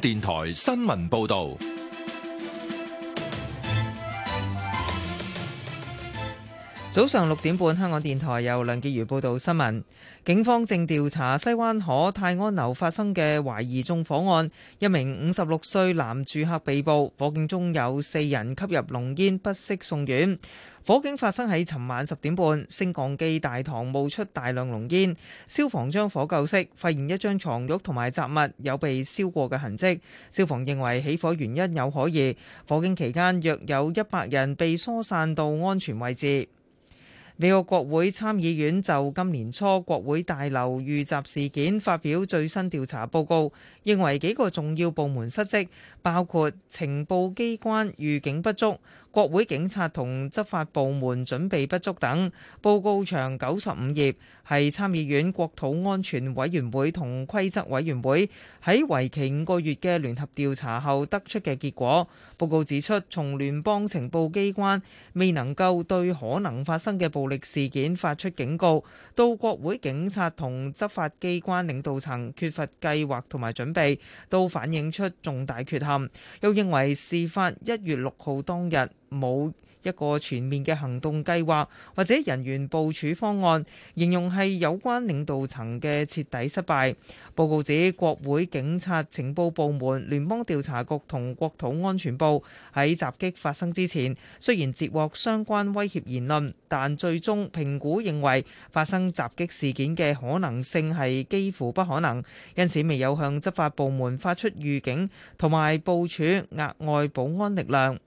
電台新聞報道。早上六點半，香港電台由梁潔如報導新聞。警方正調查西灣河泰安樓發生嘅懷疑縱火案，一名五十六歲男住客被捕。火警中有四人吸入濃煙，不適送院。火警發生喺尋晚十點半，升降機大堂冒出大量濃煙。消防將火救熄，發現一張床褥同埋雜物有被燒過嘅痕跡。消防認為起火原因有可疑。火警期間約有一百人被疏散到安全位置。美國國會參議院就今年初國會大樓遇襲事件發表最新調查報告，認為幾個重要部門失職，包括情報機關預警不足、國會警察同執法部門準備不足等。報告長九十五頁，係參議院國土安全委員會同規則委員會喺為期五個月嘅聯合調查後得出嘅結果。報告指出，從聯邦情報機關未能夠對可能發生嘅暴力事件發出警告，到國會警察同執法機關領導層缺乏計劃同埋準備，都反映出重大缺陷。又認為事發一月六號當日冇。一個全面嘅行動計劃或者人員部署方案，形容係有關領導層嘅徹底失敗。報告指，國會警察情報部門、聯邦調查局同國土安全部喺襲擊發生之前，雖然截獲相關威脅言論，但最終評估認為發生襲擊事件嘅可能性係幾乎不可能，因此未有向執法部門發出預警，同埋部署額外保安力量。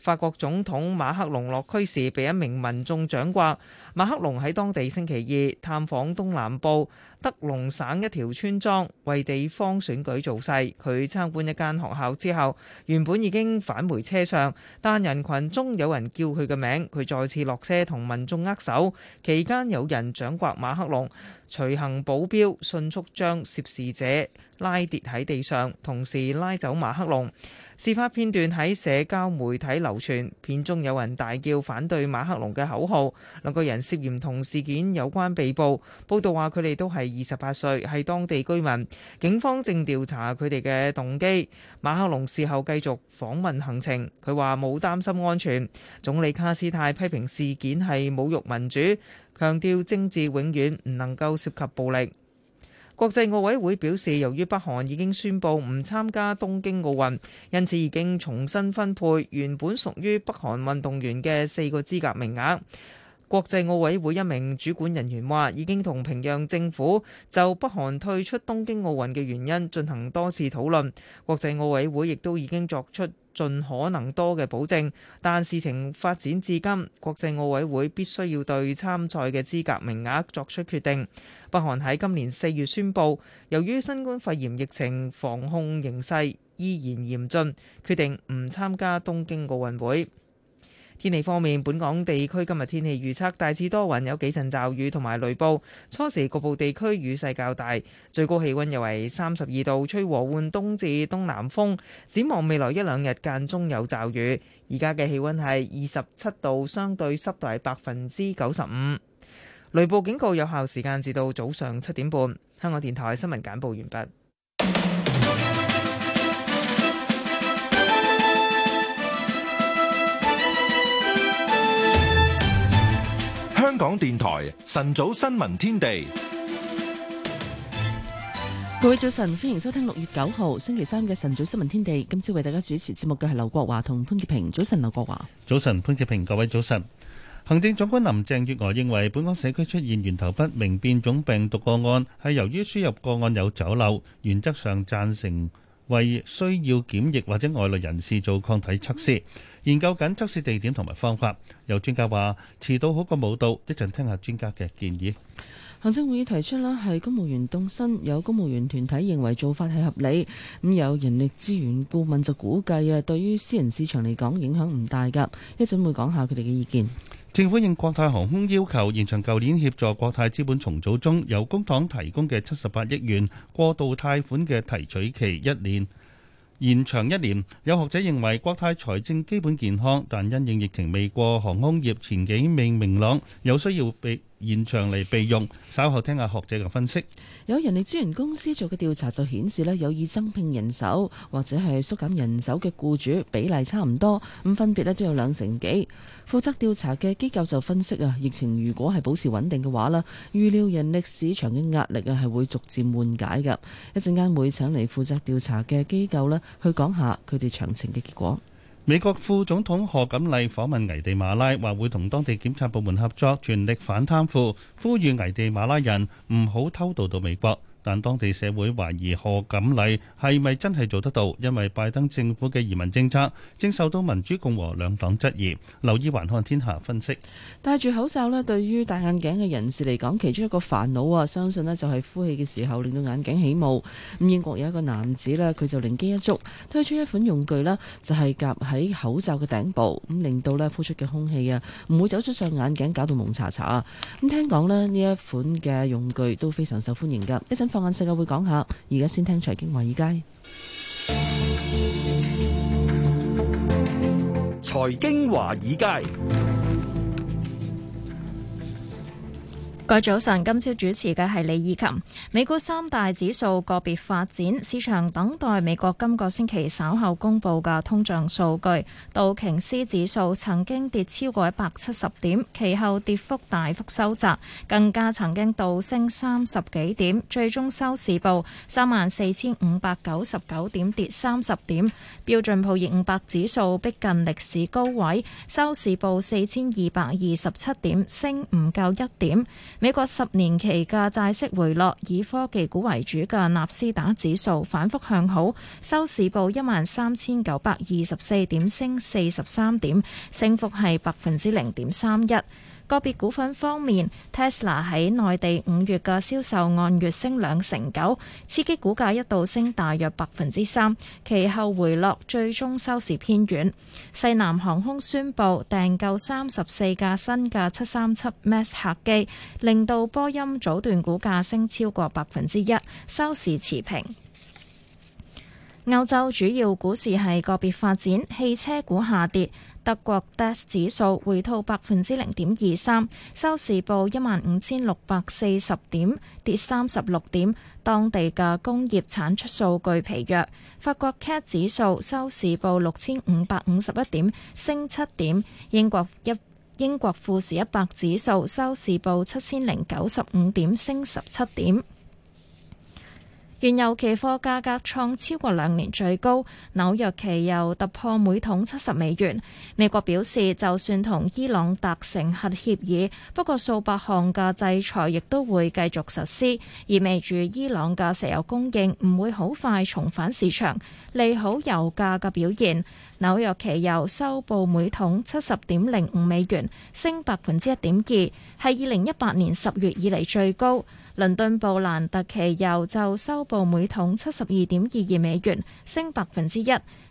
法國總統馬克龍落區時被一名民眾掌摑。馬克龍喺當地星期二探訪東南部德龍省一條村莊，為地方選舉造勢。佢參觀一間學校之後，原本已經返回車上，但人群中有人叫佢嘅名，佢再次落車同民眾握手。期間有人掌摑馬克龍，隨行保鏢迅速將涉事者拉跌喺地上，同時拉走馬克龍。事發片段喺社交媒體流傳，片中有人大叫反對馬克龍嘅口號。兩個人涉嫌同事件有關被捕。報道話佢哋都係二十八歲，係當地居民。警方正調查佢哋嘅動機。馬克龍事後繼續訪問行程，佢話冇擔心安全。總理卡斯泰批評事件係侮辱民主，強調政治永遠唔能夠涉及暴力。國際奧委會表示，由於北韓已經宣布唔參加東京奧運，因此已經重新分配原本屬於北韓運動員嘅四個資格名額。國際奧委會一名主管人員話：已經同平壤政府就北韓退出東京奧運嘅原因進行多次討論。國際奧委會亦都已經作出盡可能多嘅保證，但事情發展至今，國際奧委會必須要對參賽嘅資格名額作出決定。北韓喺今年四月宣布，由於新冠肺炎疫情防控形勢依然嚴峻，決定唔參加東京奧運會。天氣方面，本港地區今日天氣預測大致多雲，有幾陣驟雨同埋雷暴，初時局部地區雨勢較大，最高氣溫約為三十二度，吹和緩東至東南風。展望未來一兩日間中有驟雨。而家嘅氣溫係二十七度，相對濕度係百分之九十五。雷暴警告有效時間至到早上七點半。香港電台新聞簡報完畢。香港電台晨早新聞天地，各位早晨，歡迎收聽六月九號星期三嘅晨早新聞天地。今朝為大家主持節目嘅係劉國華同潘潔平。早晨，劉國華，早晨，潘潔平，各位早晨。行政長官林鄭月娥認為，本港社區出現源頭不明變種病毒個案，係由於輸入個案有走漏，原則上贊成為需要檢疫或者外來人士做抗體測試。研究緊測試地點同埋方法，有專家話遲到好過冇到，一陣聽下專家嘅建議。行政會議提出啦，係公務員凍薪，有公務員團體認為做法係合理，咁有人力資源顧問就估計啊，對於私人市場嚟講影響唔大㗎，一陣會,會講下佢哋嘅意見。政府應國泰航空要求延長舊年協助國泰資本重組中由公帑提供嘅七十八億元過渡貸款嘅提取期一年。延長一年，有學者認為國泰財政基本健康，但因應疫情未過，航空業前景未明朗，有需要被現場嚟備用，稍後聽下學者嘅分析。有人力資源公司做嘅調查就顯示咧，有意增聘人手或者係縮減人手嘅僱主比例差唔多，咁分別咧都有兩成幾。負責調查嘅機構就分析啊，疫情如果係保持穩定嘅話咧，預料人力市場嘅壓力啊係會逐漸緩解嘅。一陣間會請嚟負責調查嘅機構咧去講下佢哋詳情嘅結果。美國副總統賀錦麗訪問危地馬拉，話會同當地檢察部門合作，全力反貪腐，呼籲危地馬拉人唔好偷渡到美國。但當地社會懷疑賀錦麗係咪真係做得到，因為拜登政府嘅移民政策正受到民主共和兩黨質疑。留意環看天下分析。戴住口罩呢，對於戴眼鏡嘅人士嚟講，其中一個煩惱啊，相信呢就係呼氣嘅時候令到眼鏡起霧。咁英國有一個男子呢，佢就靈機一觸，推出一款用具啦，就係夾喺口罩嘅頂部，咁令到呢呼出嘅空氣啊，唔會走出上眼鏡，搞到矇查查啊。咁聽講呢，呢一款嘅用具都非常受歡迎㗎。一陣。放眼世界會講下，而家先聽財經華爾街。財經華爾街。各位早晨，今朝主持嘅係李以琴。美股三大指數個別發展，市場等待美國今個星期稍後公布嘅通脹數據。道瓊斯指數曾經跌超過一百七十點，其後跌幅大幅收窄，更加曾經倒升三十幾點，最終收市報三萬四千五百九十九點，跌三十點。標準普爾五百指數逼近歷史高位，收市報四千二百二十七點，升唔夠一點。美國十年期嘅債息回落，以科技股為主嘅納斯達指數反覆向好，收市報一萬三千九百二十四點，升四十三點，升幅係百分之零點三一。個別股份方面，Tesla 喺內地五月嘅銷售按月升兩成九，刺激股價一度升大約百分之三，其後回落，最終收市偏軟。西南航空宣布訂購三十四架新嘅七三七 Max 客機，令到波音早段股價升超過百分之一，收市持平。歐洲主要股市係個別發展，汽車股下跌。德國 DAX 指數回吐百分之零點二三，收市報一萬五千六百四十點，跌三十六點。當地嘅工業產出數據疲弱。法國 CAC 指數收市報六千五百五十一點，升七點。英國一英國富時一百指數收市報七千零九十五點，升十七點。原油期貨價格創超過兩年最高，紐約期油突破每桶七十美元。美國表示，就算同伊朗達成核協議，不過數百項嘅制裁亦都會繼續實施，意味住伊朗嘅石油供應唔會好快重返市場，利好油價嘅表現。紐約期油收報每桶七十點零五美元，升百分之一點二，係二零一八年十月以嚟最高。倫敦布蘭特期油就收報每桶七十二點二二美元，升百分之一，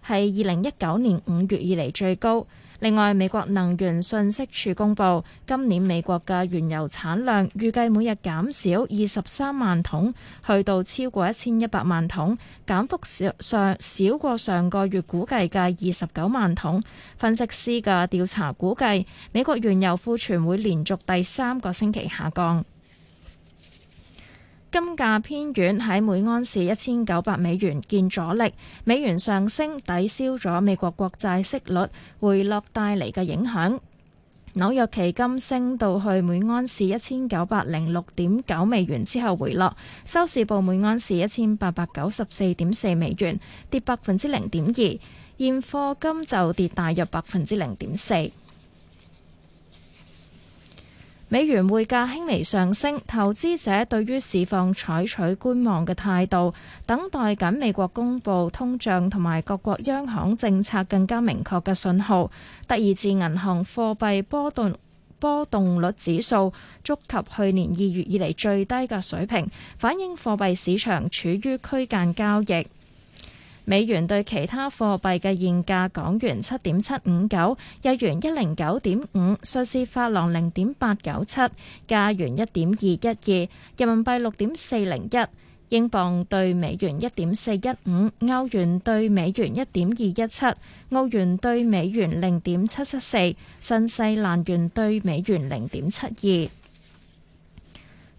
係二零一九年五月以嚟最高。另外，美國能源信息處公布，今年美國嘅原油產量預計每日減少二十三萬桶，去到超過一千一百萬桶，減幅上少過上個月估計嘅二十九萬桶。分析師嘅調查估計，美國原油庫存會連續第三個星期下降。金價偏軟，喺每安士一千九百美元見阻力。美元上升抵消咗美國國債息率回落帶嚟嘅影響。紐約期金升到去每安士一千九百零六點九美元之後回落，收市報每安士一千八百九十四點四美元，跌百分之零點二。現貨金就跌大約百分之零點四。美元匯價輕微上升，投資者對於市況採取觀望嘅態度，等待緊美國公布通脹同埋各國央行政策更加明確嘅信號。德意志銀行貨幣波動波動率指數觸及去年二月以嚟最低嘅水平，反映貨幣市場處於區間交易。美元對其他貨幣嘅現價：港元七點七五九，日元一零九點五，瑞士法郎零點八九七，加元一點二一二，人民幣六點四零一，英鎊對美元一點四一五，歐元對美元一點二一七，澳元對美元零點七七四，新西蘭元對美元零點七二。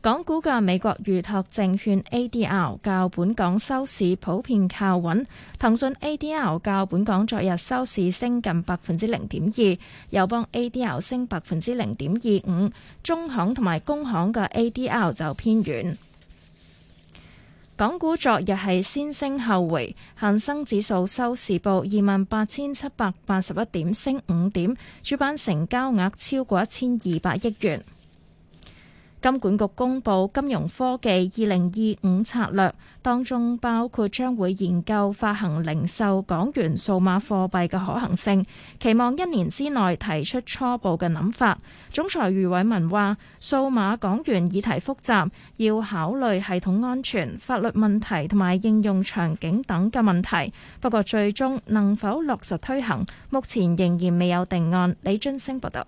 港股嘅美國預託證券 ADR 較本港收市普遍靠穩，騰訊 ADR 較本港昨日收市升近百分之零點二，友邦 ADR 升百分之零點二五，中行同埋工行嘅 ADR 就偏軟。港股昨日係先升後回，恆生指數收市報二萬八千七百八十一點，升五點，主板成交額超過一千二百億元。金管局公布金融科技二零二五策略，當中包括將會研究發行零售港元數碼貨幣嘅可行性，期望一年之內提出初步嘅諗法。總裁余偉文話：數碼港元議題複雜，要考慮系統安全、法律問題同埋應用場景等嘅問題。不過最終能否落實推行，目前仍然未有定案。李津星報道。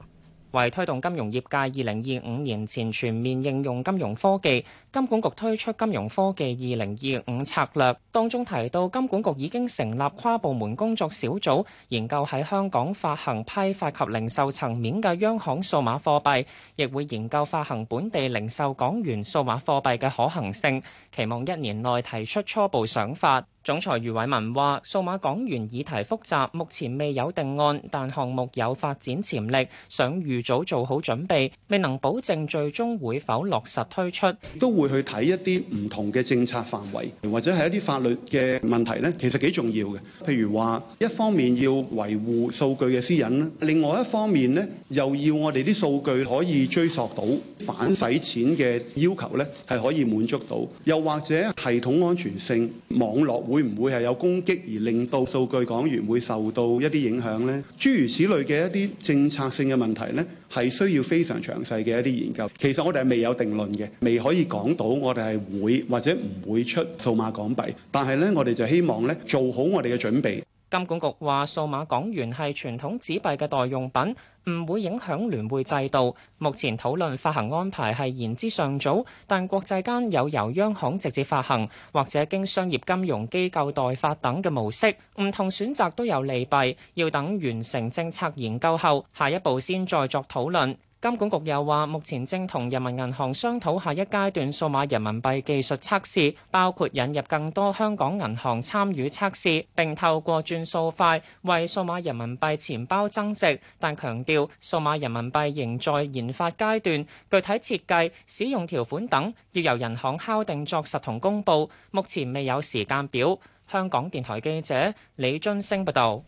為推動金融業界二零二五年前全面應用金融科技，金管局推出金融科技二零二五策略，當中提到金管局已經成立跨部門工作小組，研究喺香港發行批發及零售層面嘅央行數碼貨幣，亦會研究發行本地零售港元數碼貨幣嘅可行性，期望一年內提出初步想法。總裁余偉文話：數碼港元議題複雜，目前未有定案，但項目有發展潛力，想預早做好準備，未能保證最終會否落實推出。都會去睇一啲唔同嘅政策範圍，或者係一啲法律嘅問題呢，其實幾重要嘅。譬如話，一方面要維護數據嘅私隱，另外一方面呢，又要我哋啲數據可以追溯到反洗錢嘅要求呢，係可以滿足到，又或者系統安全性、網絡。會唔會係有攻擊而令到數據港元會受到一啲影響呢？諸如此類嘅一啲政策性嘅問題呢，係需要非常詳細嘅一啲研究。其實我哋係未有定論嘅，未可以講到我哋係會或者唔會出數碼港幣。但係呢，我哋就希望呢，做好我哋嘅準備。金管局話：數碼港元係傳統紙幣嘅代用品，唔會影響聯匯制度。目前討論發行安排係言之尚早，但國際間有由央行直接發行，或者經商業金融機構代發等嘅模式，唔同選擇都有利弊，要等完成政策研究後，下一步先再作討論。金管局又話，目前正同人民銀行商討下一階段數碼人民幣技術測試，包括引入更多香港銀行參與測試，並透過轉數快為數碼人民幣錢包增值。但強調數碼人民幣仍在研發階段，具體設計、使用條款等要由人行敲定作實同公佈，目前未有時間表。香港電台記者李津星報道。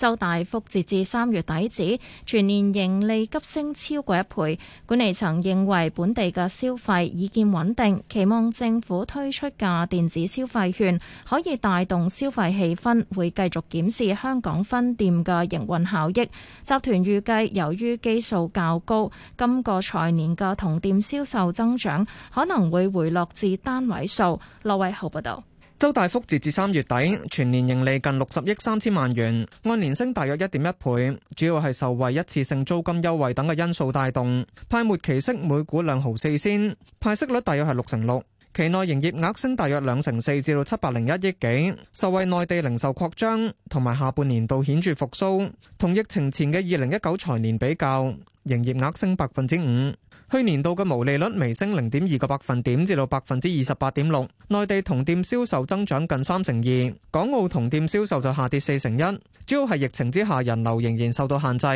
周大福截至三月底止，全年盈利急升超過一倍。管理層認為本地嘅消費已見穩定，期望政府推出嘅電子消費券可以帶動消費氣氛，會繼續檢視香港分店嘅營運效益。集團預計由於基數較高，今個財年嘅同店銷售增長可能會回落至單位數，羅偉豪報道。周大福截至三月底全年盈利近六十億三千萬元，按年升大約一點一倍，主要係受惠一次性租金優惠等嘅因素帶動。派末期息每股兩毫四仙，派息率大約係六成六。期內營業額升大約兩成四至到七百零一億幾，受惠內地零售擴張同埋下半年度顯著復甦，同疫情前嘅二零一九財年比較，營業額升百分之五。去年度嘅毛利率微升零點二個百分點，至到百分之二十八點六。內地同店銷售增長近三成二，港澳同店銷售就下跌四成一。主要係疫情之下人流仍然受到限制。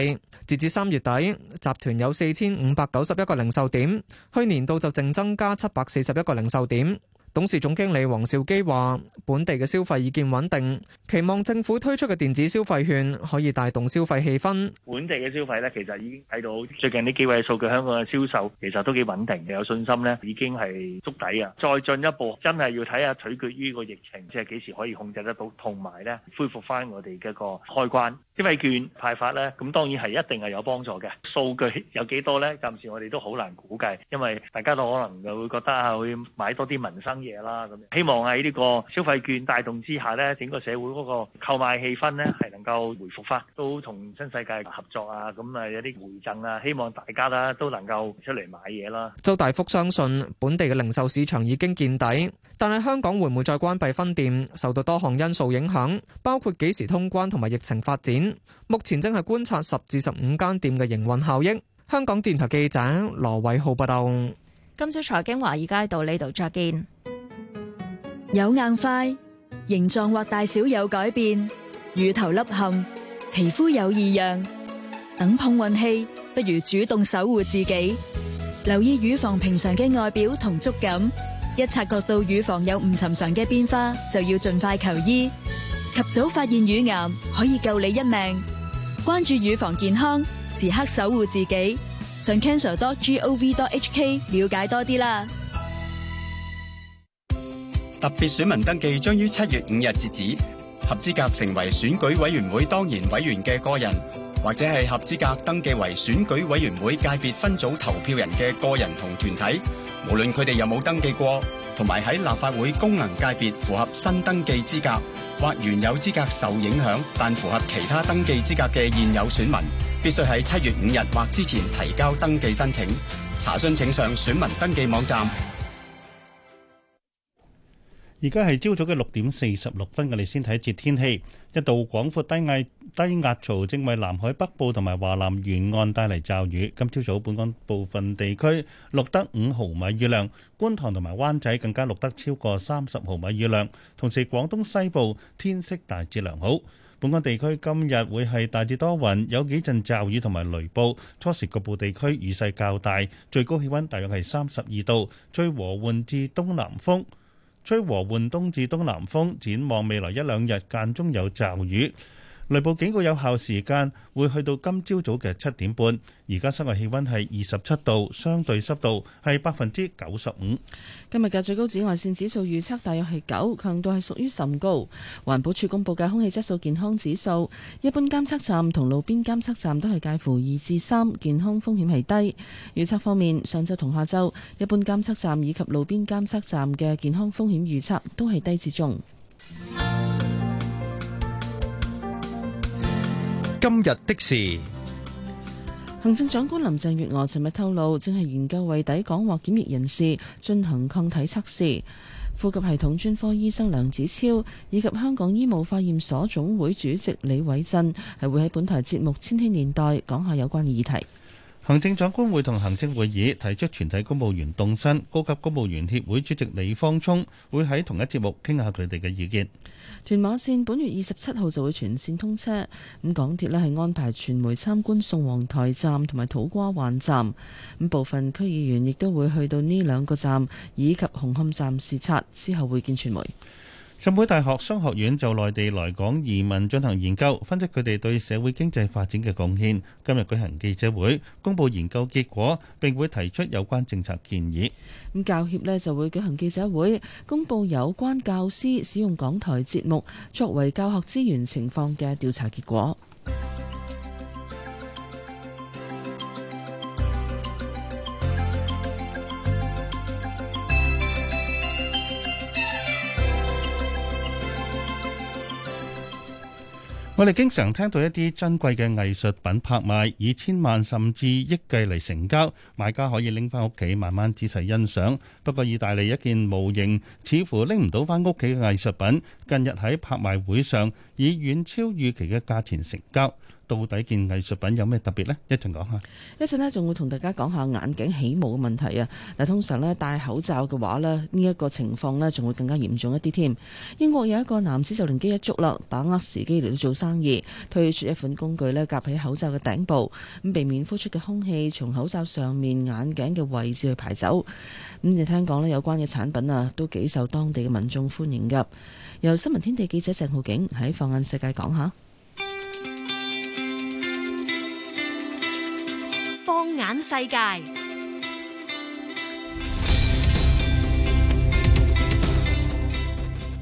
截至三月底，集團有四千五百九十一個零售點，去年度就淨增加七百四十一個零售點。董事總經理黃兆基話：本地嘅消費意見穩定，期望政府推出嘅電子消費券可以帶動消費氣氛。本地嘅消費咧，其實已經睇到最近呢幾位數據，香港嘅銷售其實都幾穩定嘅，有信心咧，已經係觸底嘅。再進一步，真係要睇下取決於個疫情，即係幾時可以控制得到，同埋咧恢復翻我哋嘅個開關。消費券派發咧，咁當然係一定係有幫助嘅。數據有幾多咧？暫時我哋都好難估計，因為大家都可能就會覺得啊，會買多啲民生嘢啦。咁希望喺呢個消費券帶動之下咧，整個社會嗰個購買氣氛咧係能夠回復翻。都同新世界合作啊，咁啊有啲回贈啊，希望大家啦都能夠出嚟買嘢啦。周大福相信本地嘅零售市場已經見底，但係香港會唔會再關閉分店？受到多項因素影響，包括幾時通關同埋疫情發展。目前正係觀察十至十五間店，嘅營運效益。香港電台記者羅偉浩報道。今朝財經華爾街到呢度再見。有硬塊、形狀或大小有改變、乳頭凹陷、皮膚有異樣，等碰運氣，不如主動守護自己，留意乳房平常嘅外表同觸感。一察覺到乳房有唔尋常嘅變化，就要盡快求醫。及早發現乳癌，可以救你一命。關注乳房健康，時刻守護自己。上 cancer.gov.hk 了解多啲啦。特別選民登記將於七月五日截止，合資格成為選舉委員會當然委員嘅個人，或者係合資格登記為選舉委員會界別分組投票人嘅個人同團體，無論佢哋有冇登記過，同埋喺立法會功能界別符合新登記資格，或原有資格受影響，但符合其他登記資格嘅現有選民，必須喺7月5低壓槽正為南海北部同埋華南沿岸帶嚟驟雨。今朝早本港部分地區錄得五毫米雨量，觀塘同埋灣仔更加錄得超過三十毫米雨量。同時，廣東西部天色大致良好。本港地區今日會係大致多雲，有幾陣驟雨同埋雷暴，初時局部地區雨勢較大。最高氣溫大約係三十二度，吹和緩至東南風，吹和緩東至東南風。展望未來一兩日間中有驟雨。雷暴警告有效時間會去到今朝早嘅七點半。而家室外氣溫係二十七度，相對濕度係百分之九十五。今日嘅最高紫外線指數預測大約係九，強度係屬於甚高。環保署公布嘅空氣質素健康指數一般監測站同路邊監測站都係介乎二至三，健康風險係低。預測方面，上晝同下晝一般監測站以及路邊監測站嘅健康風險預測都係低至中。 今日的事，行政長官林鄭月娥尋日透露，正係研究為抵港或檢疫人士進行抗體測試。呼吸系統專科醫生梁子超以及香港醫務化驗所總會主席李偉振係會喺本台節目《千禧年代》講下有關議題。行政長官會同行政會議提出全體公務員凍薪，高級公務員協會主席李方聰會喺同一節目傾下佢哋嘅意見。屯馬線本月二十七號就會全線通車，咁港鐵咧係安排傳媒參觀宋皇臺站同埋土瓜灣站，咁部分區議員亦都會去到呢兩個站以及紅磡站視察，之後會見傳媒。浸會大學商學院就內地來港移民進行研究，分析佢哋對社會經濟發展嘅貢獻。今日舉行記者會，公布研究結果，並會提出有關政策建議。咁教協呢就會舉行記者會，公布有關教師使用港台節目作為教學資源情況嘅調查結果。我哋經常聽到一啲珍貴嘅藝術品拍賣以千萬甚至億計嚟成交，買家可以拎翻屋企慢慢仔細欣賞。不過意大利一件模型似乎拎唔到翻屋企嘅藝術品，近日喺拍賣會上以遠超預期嘅價錢成交。到底件藝術品有咩特別呢？一陣講下。一陣呢，仲會同大家講下眼鏡起霧嘅問題啊！嗱，通常呢，戴口罩嘅話呢，呢一個情況呢，仲會更加嚴重一啲添。英國有一個男子就靈機一觸啦，把握時機嚟到做生意，推出一款工具呢，夾喺口罩嘅頂部，咁避免呼出嘅空氣從口罩上面眼鏡嘅位置去排走。咁就聽講呢，有關嘅產品啊都幾受當地嘅民眾歡迎噶。由新聞天地記者鄭浩景喺放眼世界講下。眼世界。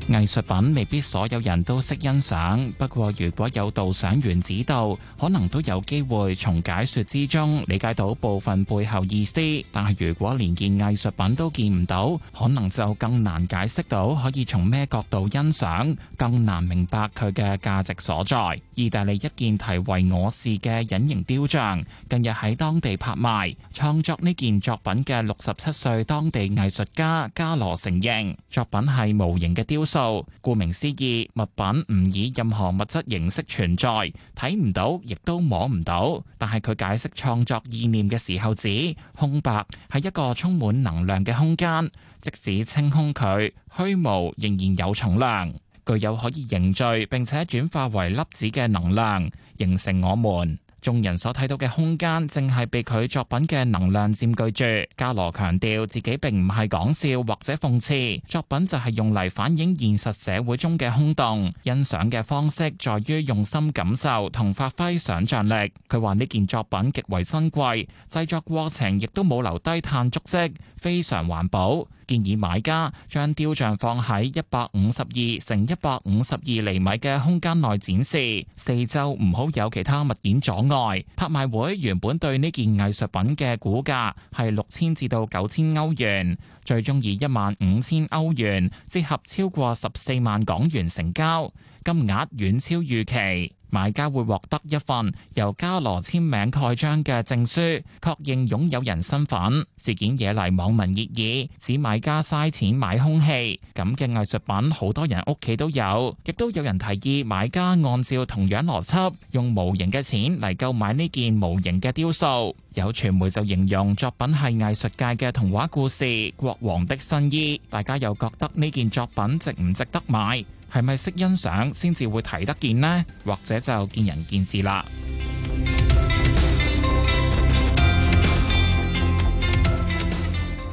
藝術品未必所有人都識欣賞，不過如果有導賞員指導，可能都有機會從解說之中理解到部分背後意思。但係如果連件藝術品都見唔到，可能就更難解釋到可以從咩角度欣賞，更難明白佢嘅價值所在。意大利，一件題為《我是》嘅隱形雕像，近日喺當地拍賣。創作呢件作品嘅六十七歲當地藝術家加羅承認，作品係無形嘅雕。就，顧名思義，物品唔以任何物質形式存在，睇唔到，亦都摸唔到。但係佢解釋創作意念嘅時候指，空白係一個充滿能量嘅空間，即使清空佢，虛無仍然有重量，具有可以凝聚並且轉化為粒子嘅能量，形成我們。眾人所睇到嘅空間，淨係被佢作品嘅能量佔據住。加羅強調，自己並唔係講笑或者諷刺，作品就係用嚟反映現實社會中嘅空洞。欣賞嘅方式，在於用心感受同發揮想像力。佢話呢件作品極為珍貴，製作過程亦都冇留低碳足跡。非常環保，建議買家將雕像放喺一百五十二乘一百五十二釐米嘅空間內展示，四周唔好有其他物件阻礙。拍賣會原本對呢件藝術品嘅估價係六千至到九千歐元，最終以一萬五千歐元，折合超過十四萬港元成交，金額遠超預期。買家會獲得一份由嘉羅簽名蓋章嘅證書，確認擁有人身份。事件惹嚟網民熱議，指買家嘥錢買空氣。咁嘅藝術品好多人屋企都有，亦都有人提議買家按照同樣邏輯，用無形嘅錢嚟購買呢件無形嘅雕塑。有傳媒就形容作品係藝術界嘅童話故事《國王的新衣》，大家又覺得呢件作品值唔值得買，係咪識欣賞先至會睇得見呢？或者就見仁見智啦。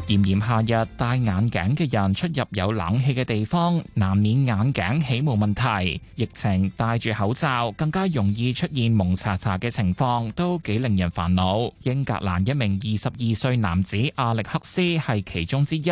炎炎夏日，戴眼鏡嘅人出入有冷氣嘅地方，難免眼鏡起霧問題，疫情戴住口罩，更加容易出現蒙查查嘅情況，都幾令人煩惱，英格蘭一名二十二歲男子阿歷克斯係其中之一。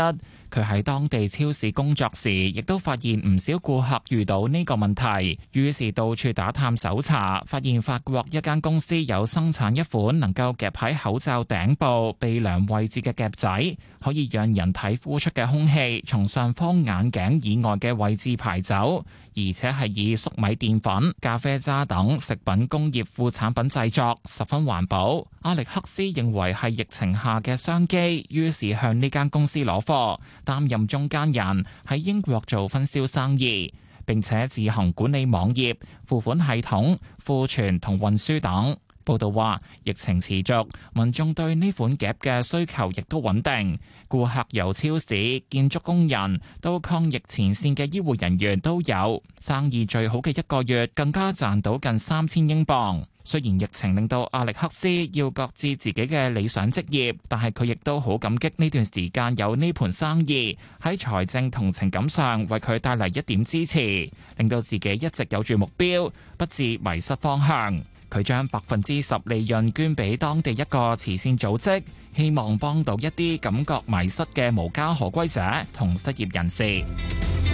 佢喺當地超市工作時，亦都發現唔少顧客遇到呢個問題，於是到處打探搜查，發現法國一間公司有生產一款能夠夾喺口罩頂部鼻梁位置嘅夾仔，可以讓人體呼出嘅空氣從上方眼鏡以外嘅位置排走。而且係以粟米澱粉、咖啡渣等食品工業副產品製作，十分環保。阿力克斯認為係疫情下嘅商機，於是向呢間公司攞貨，擔任中間人喺英國做分銷生意，並且自行管理網頁、付款系統、庫存同運輸等。報道話，疫情持續，民眾對呢款夾嘅需求亦都穩定。顧客由超市、建築工人到抗疫前線嘅醫護人員都有。生意最好嘅一個月，更加賺到近三千英鎊。雖然疫情令到阿力克斯要擱置自，自己嘅理想職業，但係佢亦都好感激呢段時間有呢盤生意，喺財政同情感上為佢帶嚟一點支持，令到自己一直有住目標，不至迷失方向。佢將百分之十利潤捐俾當地一個慈善組織，希望幫到一啲感覺迷失嘅無家可歸者同失業人士。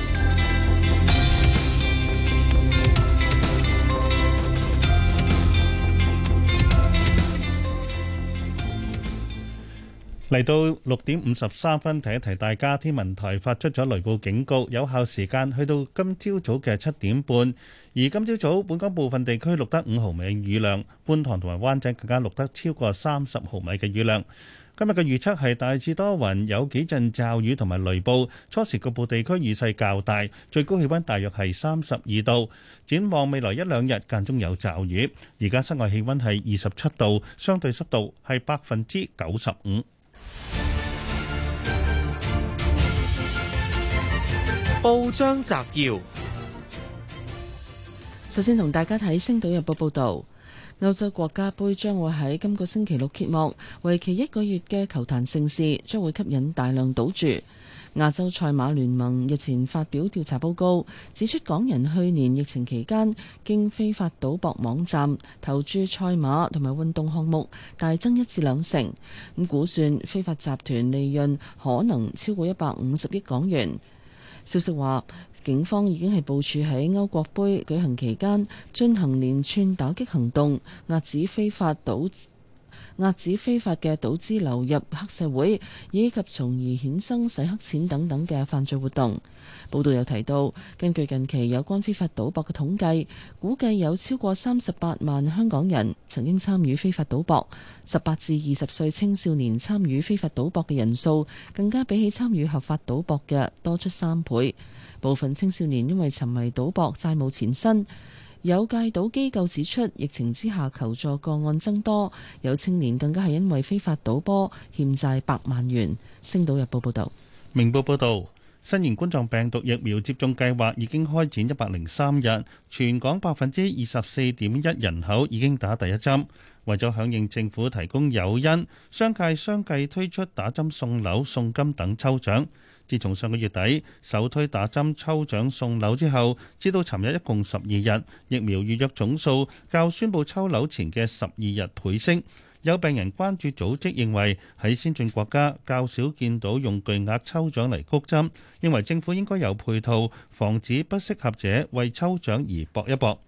嚟到六點五十三分，提一提大家，天文台發出咗雷暴警告，有效時間去到今朝早嘅七點半。而今朝早，本港部分地區錄得五毫米雨量，觀塘同埋灣仔更加錄得超過三十毫米嘅雨量。今日嘅預測係大致多雲，有幾陣驟雨同埋雷暴，初時局部地區雨勢較大，最高氣溫大約係三十二度。展望未來一兩日，間中有驟雨。而家室外氣溫係二十七度，相對濕度係百分之九十五。報章摘要：首先同大家睇《星島日報》報道，歐洲國家杯將會喺今個星期六揭幕，為期一個月嘅球壇盛事將會吸引大量賭注。亞洲賽馬聯盟日前發表調查報告，指出港人去年疫情期間經非法賭博網站投注賽馬同埋運動項目大增一至兩成，咁估算非法集團利潤可能超過一百五十億港元。消息話，警方已經係部署喺歐國杯舉行期間，進行連串打擊行動，壓止非法賭。遏止非法嘅賭資流入黑社會，以及從而衍生洗黑錢等等嘅犯罪活動。報道又提到，根據近期有關非法賭博嘅統計，估計有超過三十八萬香港人曾經參與非法賭博。十八至二十歲青少年參與非法賭博嘅人數，更加比起參與合法賭博嘅多出三倍。部分青少年因為沉迷賭博，債務纏身。有戒賭機構指出，疫情之下求助個案增多，有青年更加係因為非法賭波欠債百萬元。星島日報報道，明報報道，新型冠狀病毒疫苗接種計劃已經開展一百零三日，全港百分之二十四點一人口已經打第一針。為咗響應政府提供誘因，商界相繼推出打針送樓、送金等抽獎。自從上個月底首推打針抽獎送樓之後，至到尋日一共十二日，疫苗預約總數較宣佈抽樓前嘅十二日倍升。有病人關注組織認為喺先進國家較少見到用巨額抽獎嚟谷針，認為政府應該有配套防止不適合者為抽獎而搏一搏。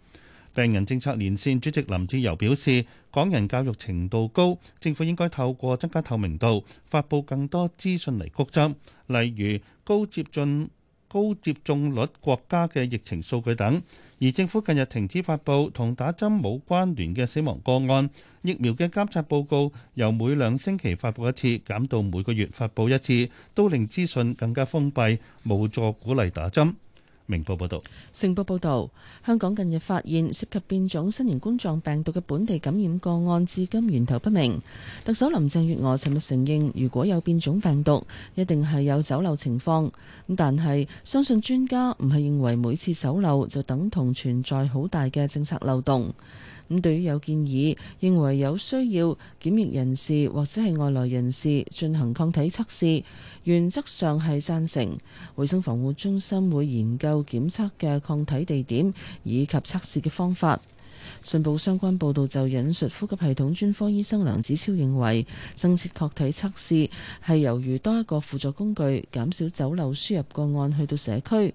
病人政策連線主席林志釉表示，港人教育程度高，政府應該透過增加透明度，發布更多資訊嚟谷針，例如高接近高接種率國家嘅疫情數據等。而政府近日停止發布同打針冇關聯嘅死亡個案、疫苗嘅監察報告，由每兩星期發布一次減到每個月發布一次，都令資訊更加封閉，無助鼓勵打針。明報報導，成報報道，香港近日發現涉及變種新型冠狀病毒嘅本地感染個案，至今源頭不明。特首林鄭月娥尋日承認，如果有變種病毒，一定係有走漏情況。咁但係相信專家唔係認為每次走漏就等同存在好大嘅政策漏洞。咁對於有建議認為有需要檢疫人士或者係外來人士進行抗體測試，原則上係贊成。衞生防護中心會研究檢測嘅抗體地點以及測試嘅方法。信報相關報導就引述呼吸系統專科醫生梁子超認為，增設抗體測試係由於多一個輔助工具，減少走漏輸入個案去到社區。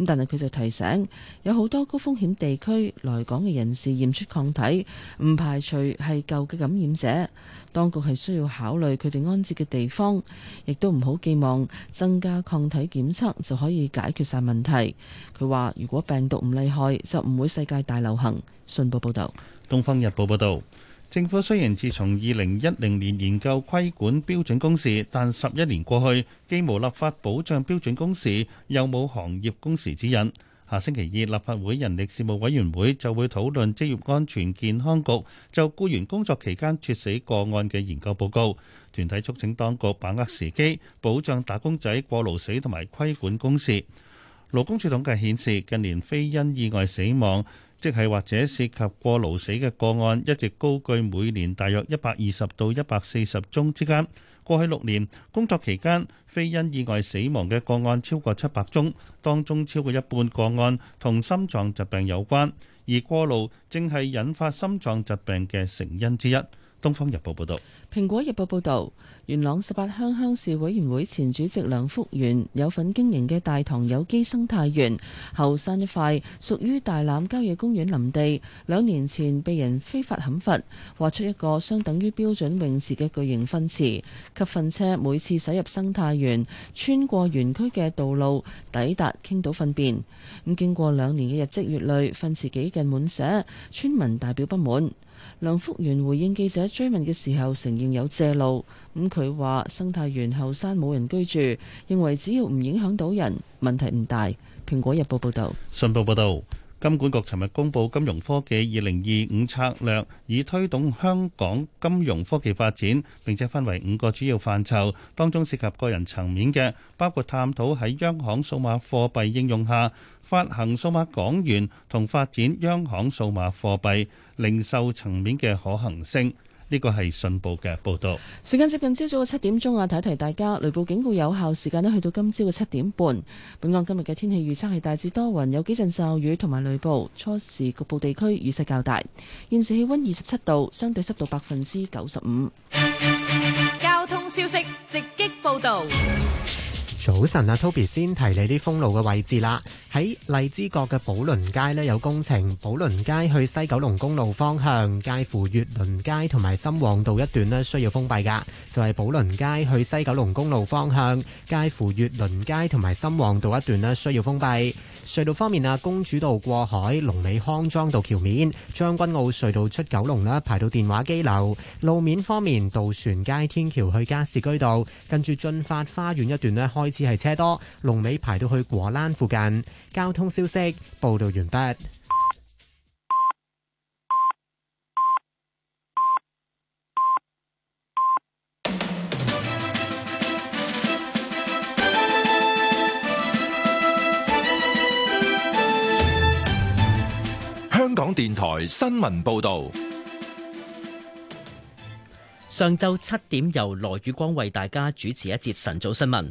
咁但係佢就提醒，有好多高風險地區來港嘅人士驗出抗體，唔排除係舊嘅感染者。當局係需要考慮佢哋安置嘅地方，亦都唔好寄望增加抗體檢測就可以解決晒問題。佢話：如果病毒唔厲害，就唔會世界大流行。信報報道。東方日報報道。政府雖然自從二零一零年研究規管標準工時，但十一年過去，既無立法保障標準工時，又冇行業工時指引。下星期二，立法會人力事務委員會就會討論職業安全健康局就僱員工作期間猝死個案嘅研究報告。團體促請當局把握時機，保障打工仔過勞死同埋規管工時。勞工處統計顯示，近年非因意外死亡，即係或者涉及過勞死嘅個案一直高居每年大約一百二十到一百四十宗之間。過去六年工作期間，非因意外死亡嘅個案超過七百宗，當中超過一半個案同心臟疾病有關，而過勞正係引發心臟疾病嘅成因之一。《東方日報》報道，《蘋果日報》報導，元朗十八鄉鄉事委員會前主席梁福源有份經營嘅大棠有機生態園後山一塊屬於大欖郊野公園林地，兩年前被人非法砍伐，劃出一個相等於標準泳池嘅巨型糞池，及糞車每次駛入生態園，穿過園區嘅道路，抵達傾倒糞便。咁經過兩年嘅日積月累，糞池幾近滿瀉，村民代表不滿。梁福源回應記者追問嘅時候，承認有借路。咁佢話生態園後山冇人居住，認為只要唔影響到人，問題唔大。蘋果日報報道。信報報道，金管局尋日公布金融科技二零二五策略，以推動香港金融科技發展，並且分為五個主要範疇，當中涉及個人層面嘅，包括探討喺央行數碼貨幣應用下。發行數碼港元同發展央行數碼貨幣，零售層面嘅可行性，呢個係信報嘅報道。時間接近朝早嘅七點鐘啊，提提大家，雷暴警告有效時間咧去到今朝嘅七點半。本港今日嘅天氣預測係大致多雲，有幾陣驟雨同埋雷暴，初時局部地區雨勢較大。現時氣溫二十七度，相對濕度百分之九十五。交通消息直擊報道。早晨啊，Toby 先提你啲封路嘅位置啦。喺荔枝角嘅寶輪街呢，有工程，寶輪街去西九龍公路方向、介乎月輪街同埋深旺道一段呢，需要封閉㗎。就係寶輪街去西九龍公路方向、介乎月輪街同埋深旺道一段呢，需要封閉。隧道方面啊，公主道過海、龍尾康莊道橋面、將軍澳隧道出九龍啦，排到電話機樓。路面方面，渡船街天橋去加士居道，跟住駿發花園一段呢，開始係車多，龍尾排到去果欄附近。交通消息報道完畢。香港電台新聞報道：上晝七點，由羅宇光為大家主持一節晨早新聞。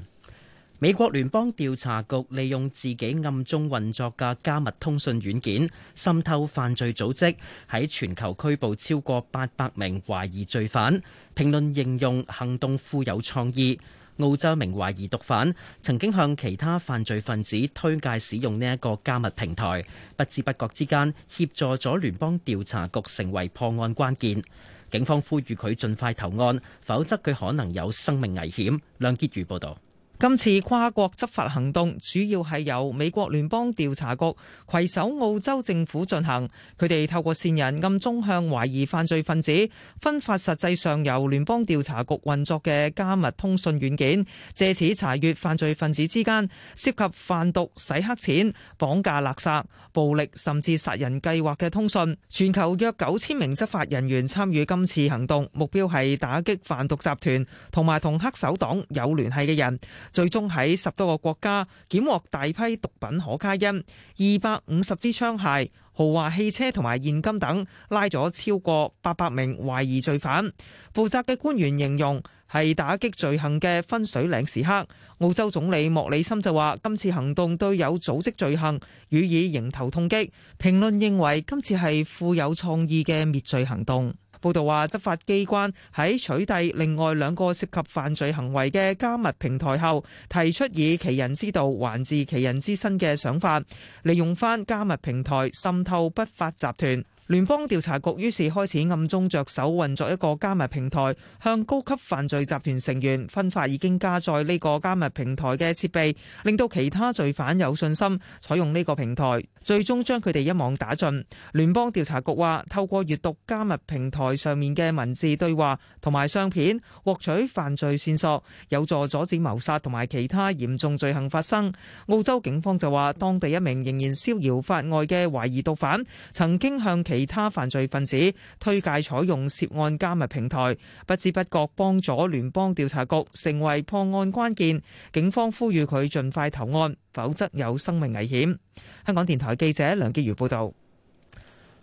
美國聯邦調查局利用自己暗中運作嘅加密通訊軟件，滲透犯罪組織，喺全球拘捕超過八百名懷疑罪犯。評論形容行動富有創意。澳洲名懷疑毒販曾經向其他犯罪分子推介使用呢一個加密平台，不知不覺之間協助咗聯邦調查局成為破案關鍵。警方呼籲佢盡快投案，否則佢可能有生命危險。梁潔如報道。今次跨國執法行動主要係由美國聯邦調查局攜手澳洲政府進行。佢哋透過線人暗中向懷疑犯罪分子分發實際上由聯邦調查局運作嘅加密通訊軟件，借此查閱犯罪分子之間涉及販毒、洗黑錢、綁架、勒殺、暴力甚至殺人計劃嘅通訊。全球約九千名執法人員參與今次行動，目標係打擊販毒集團同埋同黑手黨有聯繫嘅人。最終喺十多個國家檢獲大批毒品可卡因，二百五十支槍械、豪華汽車同埋現金等，拉咗超過八百名懷疑罪犯。負責嘅官員形容係打擊罪行嘅分水嶺時刻。澳洲總理莫里森就話今次行動對有組織罪行予以迎頭痛擊。評論認為今次係富有創意嘅滅罪行動。報道話，執法機關喺取締另外兩個涉及犯罪行為嘅加密平台後，提出以其人之道還治其人之身嘅想法，利用翻加密平台滲透不法集團。聯邦調查局於是開始暗中着手運作一個加密平台，向高級犯罪集團成員分發已經加載呢個加密平台嘅設備，令到其他罪犯有信心採用呢個平台，最終將佢哋一網打盡。聯邦調查局話，透過閲讀加密平台上面嘅文字對話同埋相片，獲取犯罪線索，有助阻止謀殺同埋其他嚴重罪行發生。澳洲警方就話，當地一名仍然逍遙法外嘅懷疑毒販曾經向其其他犯罪分子推介採用涉案加密平台，不知不覺幫咗聯邦調查局成為破案關鍵。警方呼籲佢盡快投案，否則有生命危險。香港電台記者梁潔如報道：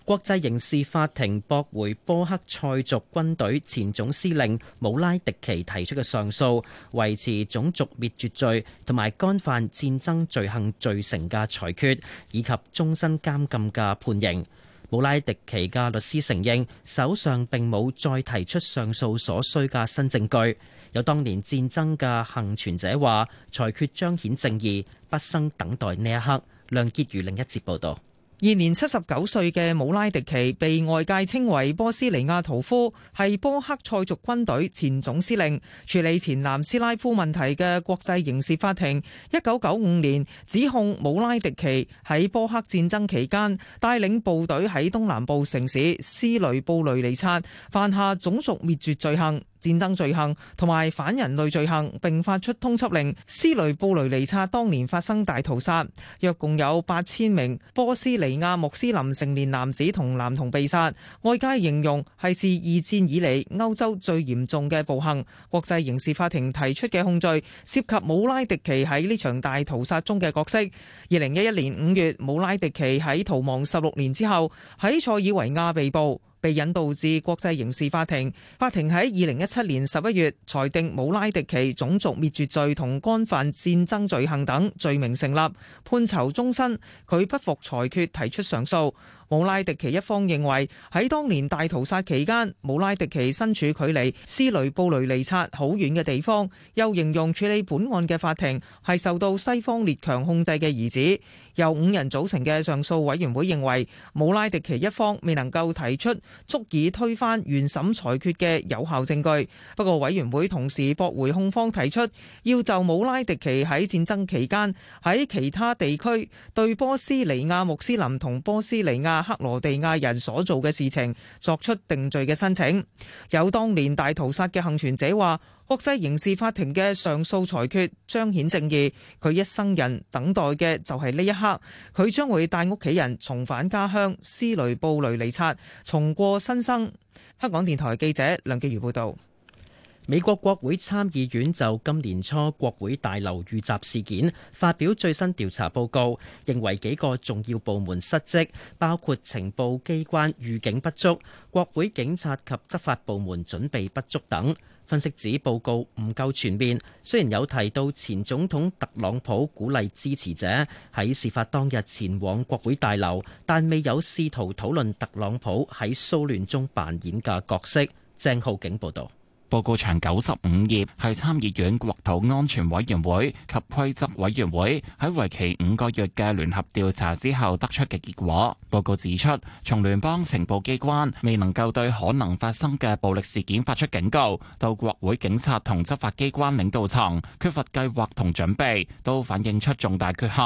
國際刑事法庭駁回波克塞族軍隊前總司令姆拉迪奇提出嘅上訴，維持種族滅絕罪同埋干犯戰爭罪行罪成嘅裁決，以及終身監禁嘅判刑。布拉迪奇嘅律師承認，手上並冇再提出上訴所需嘅新證據，有當年戰爭嘅幸存者話裁決彰顯正義，畢生等待呢一刻。梁潔如另一節報道。現年七十九歲嘅姆拉迪奇被外界稱為波斯尼亞屠夫，係波黑塞族軍隊前總司令。處理前南斯拉夫問題嘅國際刑事法庭，一九九五年指控姆拉迪奇喺波黑戰爭期間帶領部隊喺東南部城市斯雷布雷尼察犯下種族滅絕罪行。戰爭罪行同埋反人類罪行，並發出通緝令。斯雷布雷尼察當年發生大屠殺，約共有八千名波斯尼亞穆斯林成年男子同男童被殺。外界形容係自「二戰以嚟歐洲最嚴重嘅暴行」。國際刑事法庭提出嘅控罪涉及姆拉迪奇喺呢場大屠殺中嘅角色。二零一一年五月，姆拉迪奇喺逃亡十六年之後喺塞爾維亞被捕。被引渡至國際刑事法庭，法庭喺二零一七年十一月裁定姆拉迪奇種族滅絕罪同干犯戰爭罪行等罪名成立，判囚終身。佢不服裁決提出上訴。姆拉迪奇一方認為，喺當年大屠殺期間，姆拉迪奇身處距離斯雷布雷尼察好遠嘅地方，又形容處理本案嘅法庭係受到西方列強控制嘅兒子。由五人組成嘅上訴委員會認為，姆拉迪奇一方未能夠提出足以推翻原審裁決嘅有效證據。不過委員會同時駁回控方提出，要就姆拉迪奇喺戰爭期間喺其他地區對波斯尼亞穆斯林同波斯尼亞克羅地亞人所做嘅事情作出定罪嘅申請。有當年大屠殺嘅幸存者話：國際刑事法庭嘅上訴裁決彰顯正義。佢一生人等待嘅就係呢一刻，佢將會帶屋企人重返家鄉斯雷布雷尼察，重過新生。香港電台記者梁潔如報導。美國國會參議院就今年初國會大樓遇襲事件發表最新調查報告，認為幾個重要部門失職，包括情報機關預警不足、國會警察及執法部門準備不足等。分析指報告唔夠全面，雖然有提到前總統特朗普鼓勵支持者喺事發當日前往國會大樓，但未有試圖討論特朗普喺騷亂中扮演嘅角色。鄭浩景報道。報告長九十五頁，係參議院國土安全委員會及規則委員會喺為期五個月嘅聯合調查之後得出嘅結果。報告指出，從聯邦情報機關未能夠對可能發生嘅暴力事件發出警告，到國會警察同執法機關領導層缺乏計劃同準備，都反映出重大缺陷。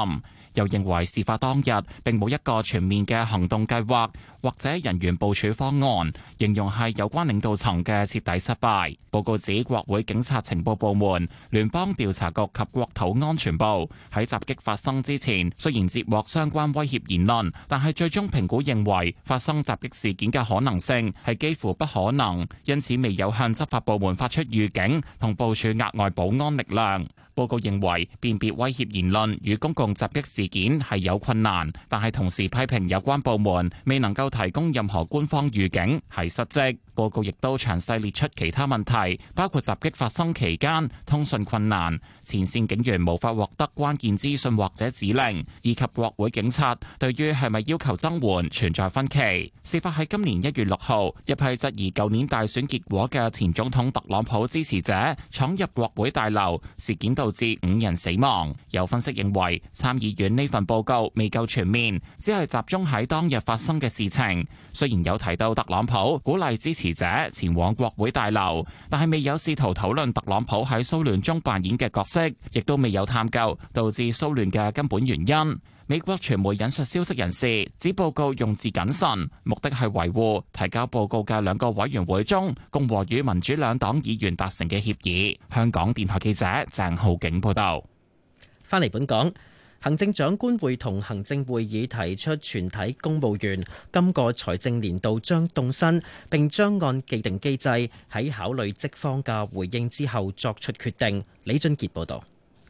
又認為事發當日並冇一個全面嘅行動計劃。或者人員部署方案，形容係有關領導層嘅徹底失敗。報告指，國會警察情報部門、聯邦調查局及國土安全部喺襲擊發生之前，雖然接獲相關威脅言論，但係最終評估認為發生襲擊事件嘅可能性係幾乎不可能，因此未有向執法部門發出預警同部署額外保安力量。報告認為，辨別威脅言論與公共襲擊事件係有困難，但係同時批評有關部門未能夠提供任何官方預警係失職。報告亦都詳細列出其他問題，包括襲擊發生期間通訊困難、前線警員無法獲得關鍵資訊或者指令，以及國會警察對於係咪要求增援存在分歧。事發喺今年一月六號，一批質疑舊年大選結果嘅前總統特朗普支持者闖入國會大樓，事件導致五人死亡。有分析認為，參議院呢份報告未夠全面，只係集中喺當日發生嘅事情。雖然有提到特朗普鼓勵支持者前往國會大樓，但係未有試圖討論特朗普喺騷亂中扮演嘅角色，亦都未有探究導致騷亂嘅根本原因。美國傳媒引述消息人士，指報告用字謹慎，目的係維護提交報告嘅兩個委員會中共和與民主兩黨議員達成嘅協議。香港電台記者鄭浩景報道。翻嚟本港。行政長官會同行政會議提出，全體公務員今個財政年度將凍薪，並將按既定機制喺考慮職方嘅回應之後作出決定。李俊杰報道，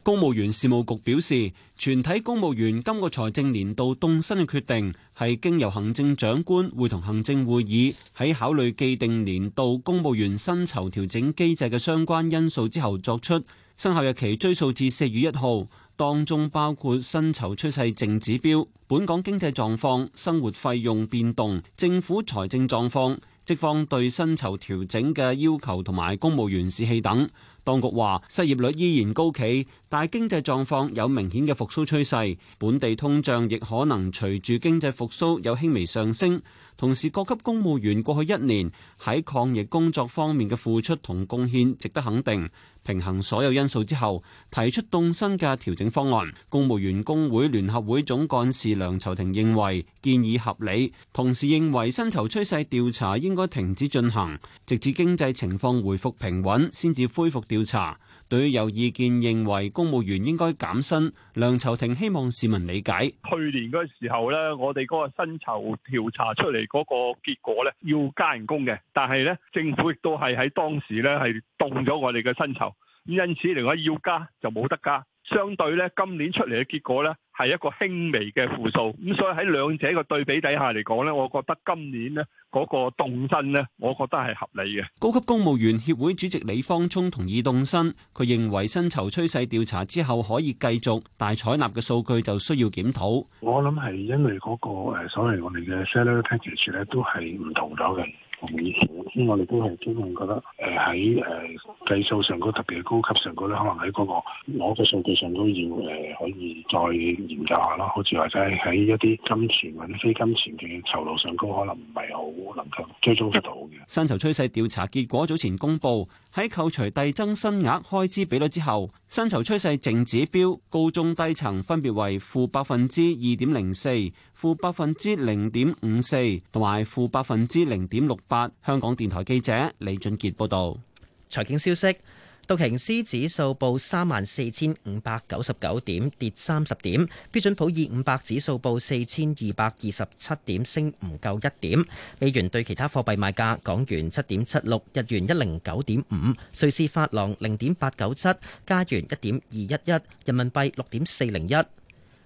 公務員事務局表示，全體公務員今個財政年度凍薪嘅決定係經由行政長官會同行政會議喺考慮既定年度公務員薪酬調整機制嘅相關因素之後作出，生效日期追溯至四月一號。當中包括薪酬趨勢淨指標、本港經濟狀況、生活費用變動、政府財政狀況、職方對薪酬調整嘅要求同埋公務員士氣等。當局話，失業率依然高企，但係經濟狀況有明顯嘅復甦趨勢，本地通脹亦可能隨住經濟復甦有輕微上升。同時，各級公務員過去一年喺抗疫工作方面嘅付出同貢獻值得肯定。平衡所有因素之後，提出凍薪嘅調整方案。公務員工會聯合會總幹事梁籌庭認為建議合理，同時認為薪酬趨勢調查應該停止進行，直至經濟情況回復平穩先至恢復調查。對於有意見認為公務員應該減薪，梁籌庭希望市民理解。去年嗰個時候咧，我哋嗰個薪酬調查出嚟嗰個結果咧，要加人工嘅，但係咧政府亦都係喺當時咧係凍咗我哋嘅薪酬，因此嚟講要加就冇得加。相對咧，今年出嚟嘅結果咧，係一個輕微嘅負數，咁所以喺兩者嘅對比底下嚟講咧，我覺得今年咧嗰個動身咧，我覺得係合理嘅。高級公務員協會主席李方聰同意動身，佢認為薪酬趨勢調查之後可以繼續，但採納嘅數據，就需要檢討。我諗係因為嗰個誒所謂我哋嘅 salary package 咧都係唔同咗嘅。唔少，我哋都係基本覺得，誒喺誒計數上高特別嘅高級上高，咧，可能喺嗰個攞個數據上都要誒可以再研究下咯。好似話齋喺一啲金錢或者非金錢嘅酬勞上高，可能唔係好能夠追蹤得到嘅薪酬趨勢調查結果早前公布。喺扣除遞增薪額開支比率之後，薪酬趨勢淨指標高中低層分別為負百分之二點零四、負百分之零點五四同埋負百分之零點六八。香港電台記者李俊傑報道。財經消息。道瓊斯指數報三萬四千五百九十九點，跌三十點。標準普爾五百指數報四千二百二十七點，升唔夠一點。美元對其他貨幣賣價：港元七點七六，日元一零九點五，瑞士法郎零點八九七，加元一點二一一，人民幣六點四零一。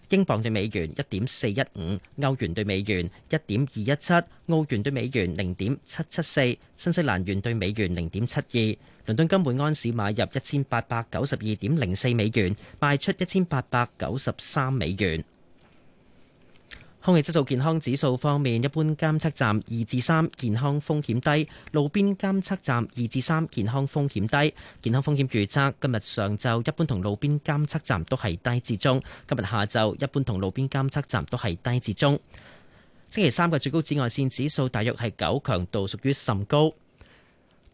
英鎊兌美元一點四一五，歐元兌美元一點二一七，澳元兌美元零點七七四，新西蘭元兌美元零點七二。倫敦金每安士買入一千八百九十二點零四美元，賣出一千八百九十三美元。空氣質素健康指數方面，一般監測站二至三，健康風險低；路邊監測站二至三，健康風險低。健康風險預測今日上晝一般同路邊監測站都係低至中，今日下晝一般同路邊監測站都係低至中。星期三嘅最高紫外線指數大約係九，強度屬於甚高。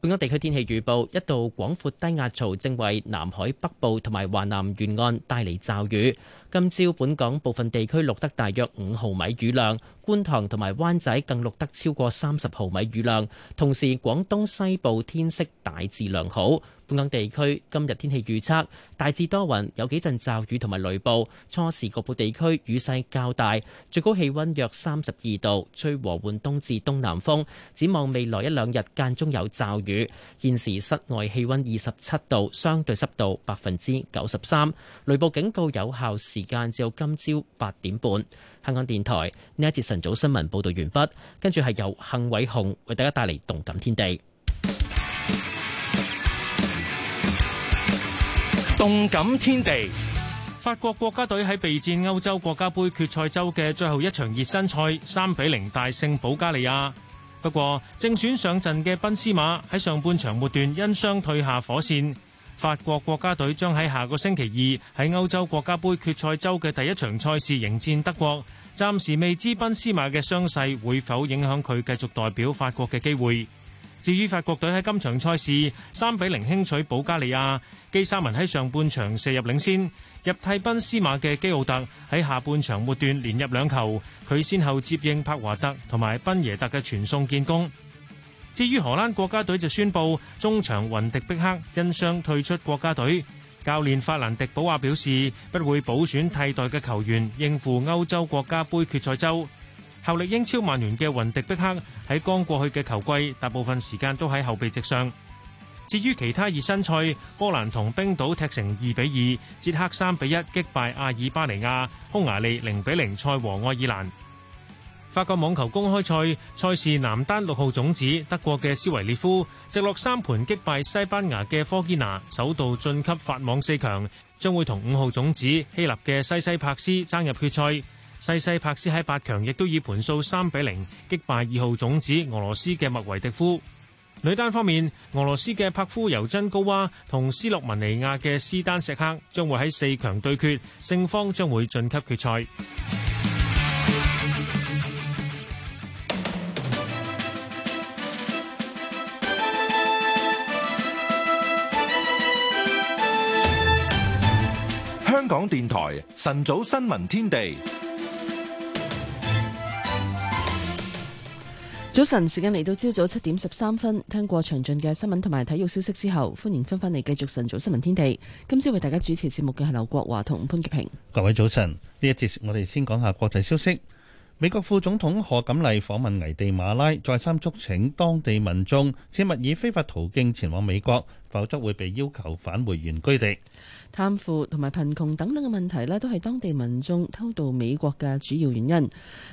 本港地區天氣預報：一度廣闊低壓槽正為南海北部同埋華南沿岸帶嚟驟雨。今朝本港部分地區錄得大約五毫米雨量，觀塘同埋灣仔更錄得超過三十毫米雨量。同時，廣東西部天色大致良好。本港地區今日天氣預測大致多雲，有幾陣驟雨同埋雷暴，初時局部地區雨勢較大，最高氣溫約三十二度，吹和緩東至東南風。展望未來一兩日間中有驟雨。現時室外氣溫二十七度，相對濕度百分之九十三，雷暴警告有效時間至今朝八點半。香港電台呢一節晨早新聞報道完畢，跟住係由幸偉雄為大家帶嚟動感天地。動感天地，法國國家隊喺備戰歐洲國家杯決賽周嘅最後一場熱身賽，三比零大勝保加利亞。不過，正選上陣嘅賓斯馬喺上半場末段因傷退下火線。法國國家隊將喺下個星期二喺歐洲國家杯決賽周嘅第一場賽事迎戰德國。暫時未知賓斯馬嘅傷勢會否影響佢繼續代表法國嘅機會。至於法國隊喺今場賽事三比零輕取保加利亞，基沙文喺上半場射入領先，入替賓斯馬嘅基奧特喺下半場末段連入兩球，佢先後接應柏華特同埋賓耶特嘅傳送建功。至於荷蘭國家隊就宣布中場雲迪碧克因傷退出國家隊，教練法蘭迪保亞表示不會補選替代嘅球員應付歐洲國家杯決賽周。效力英超曼聯嘅雲迪碧克喺剛過去嘅球季大部分時間都喺後備席上。至於其他熱身賽，波蘭同冰島踢成二比二，捷克三比一擊敗阿爾巴尼亞，匈牙利零比零賽和愛爾蘭。法國網球公開賽，賽事男單六號種子德國嘅斯維列夫直落三盤擊敗西班牙嘅科基納，首度晉級法網四強，將會同五號種子希臘嘅西西帕斯爭入決賽。西西帕斯喺八強亦都以盤數三比零擊敗二號種子俄羅斯嘅麥維迪夫。女單方面，俄羅斯嘅帕夫尤珍高娃同斯洛文尼亞嘅斯丹石克將會喺四強對決，勝方將會晉級決賽。香港電台晨早新聞天地。早晨，時間嚟到朝早七點十三分，聽過詳盡嘅新聞同埋體育消息之後，歡迎翻翻嚟繼續晨早新聞天地。今朝為大家主持節目嘅係劉國華同潘潔平。各位早晨，呢一節我哋先講下國際消息。美國副總統賀錦麗訪問危地馬拉，再三促請當地民眾切勿以非法途徑前往美國，否則會被要求返回原居地。貪腐同埋貧窮等等嘅問題呢，都係當地民眾偷渡美國嘅主要原因。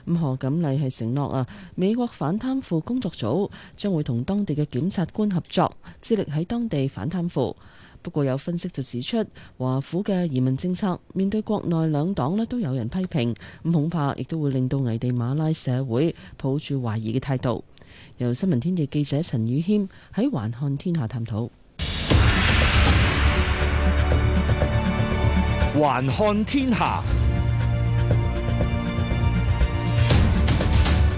咁何錦麗係承諾啊，美國反貪腐工作組將會同當地嘅檢察官合作，致力喺當地反貪腐。不過有分析就指出，華府嘅移民政策面對國內兩黨咧都有人批評，咁恐怕亦都會令到危地馬拉社會抱住懷疑嘅態度。由新聞天地記者陳宇謙喺環看天下探討。環看天下，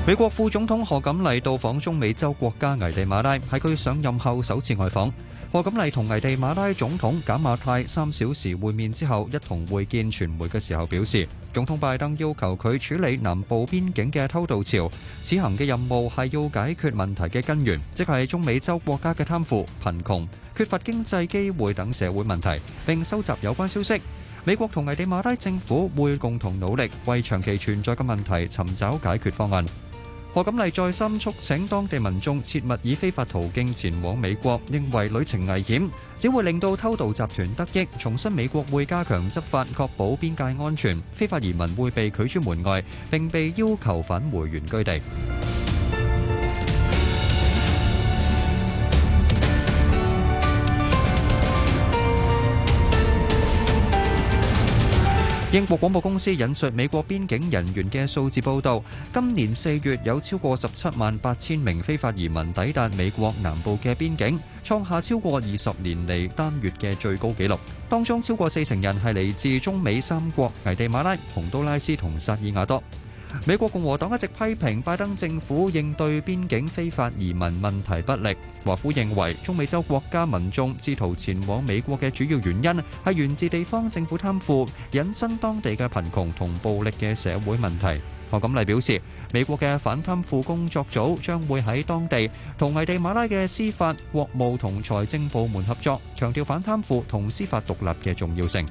美國副總統賀錦麗到訪中美洲國家危地馬拉，係佢上任後首次外訪。賀錦麗同危地馬拉總統賈馬泰三小時會面之後，一同會見傳媒嘅時候表示，總統拜登要求佢處理南部邊境嘅偷渡潮，此行嘅任務係要解決問題嘅根源，即係中美洲國家嘅貪腐、貧窮、缺乏經濟機會等社會問題，並收集有關消息。美國同危地馬拉政府會共同努力，為長期存在嘅問題尋找解決方案。何錦麗再三促請當地民眾切勿以非法途徑前往美國，認為旅程危險，只會令到偷渡集團得益。重申美國會加強執法，確保邊界安全，非法移民會被拒諸門外，並被要求返回原居地。英國廣播公司引述美國邊境人員嘅數字報導，今年四月有超過十七萬八千名非法移民抵達美國南部嘅邊境，創下超過二十年嚟單月嘅最高紀錄。當中超過四成人係嚟自中美三國，危地馬拉、洪都拉斯同薩爾瓦多。美國共和黨一直批評拜登政府應對邊境非法移民問題不力。華府認為中美洲國家民眾試圖前往美國嘅主要原因係源自地方政府貪腐，引申當地嘅貧窮同暴力嘅社會問題。何錦麗表示，美國嘅反貪腐工作組將會喺當地同危地馬拉嘅司法、國務同財政部門合作，強調反貪腐同司法獨立嘅重要性。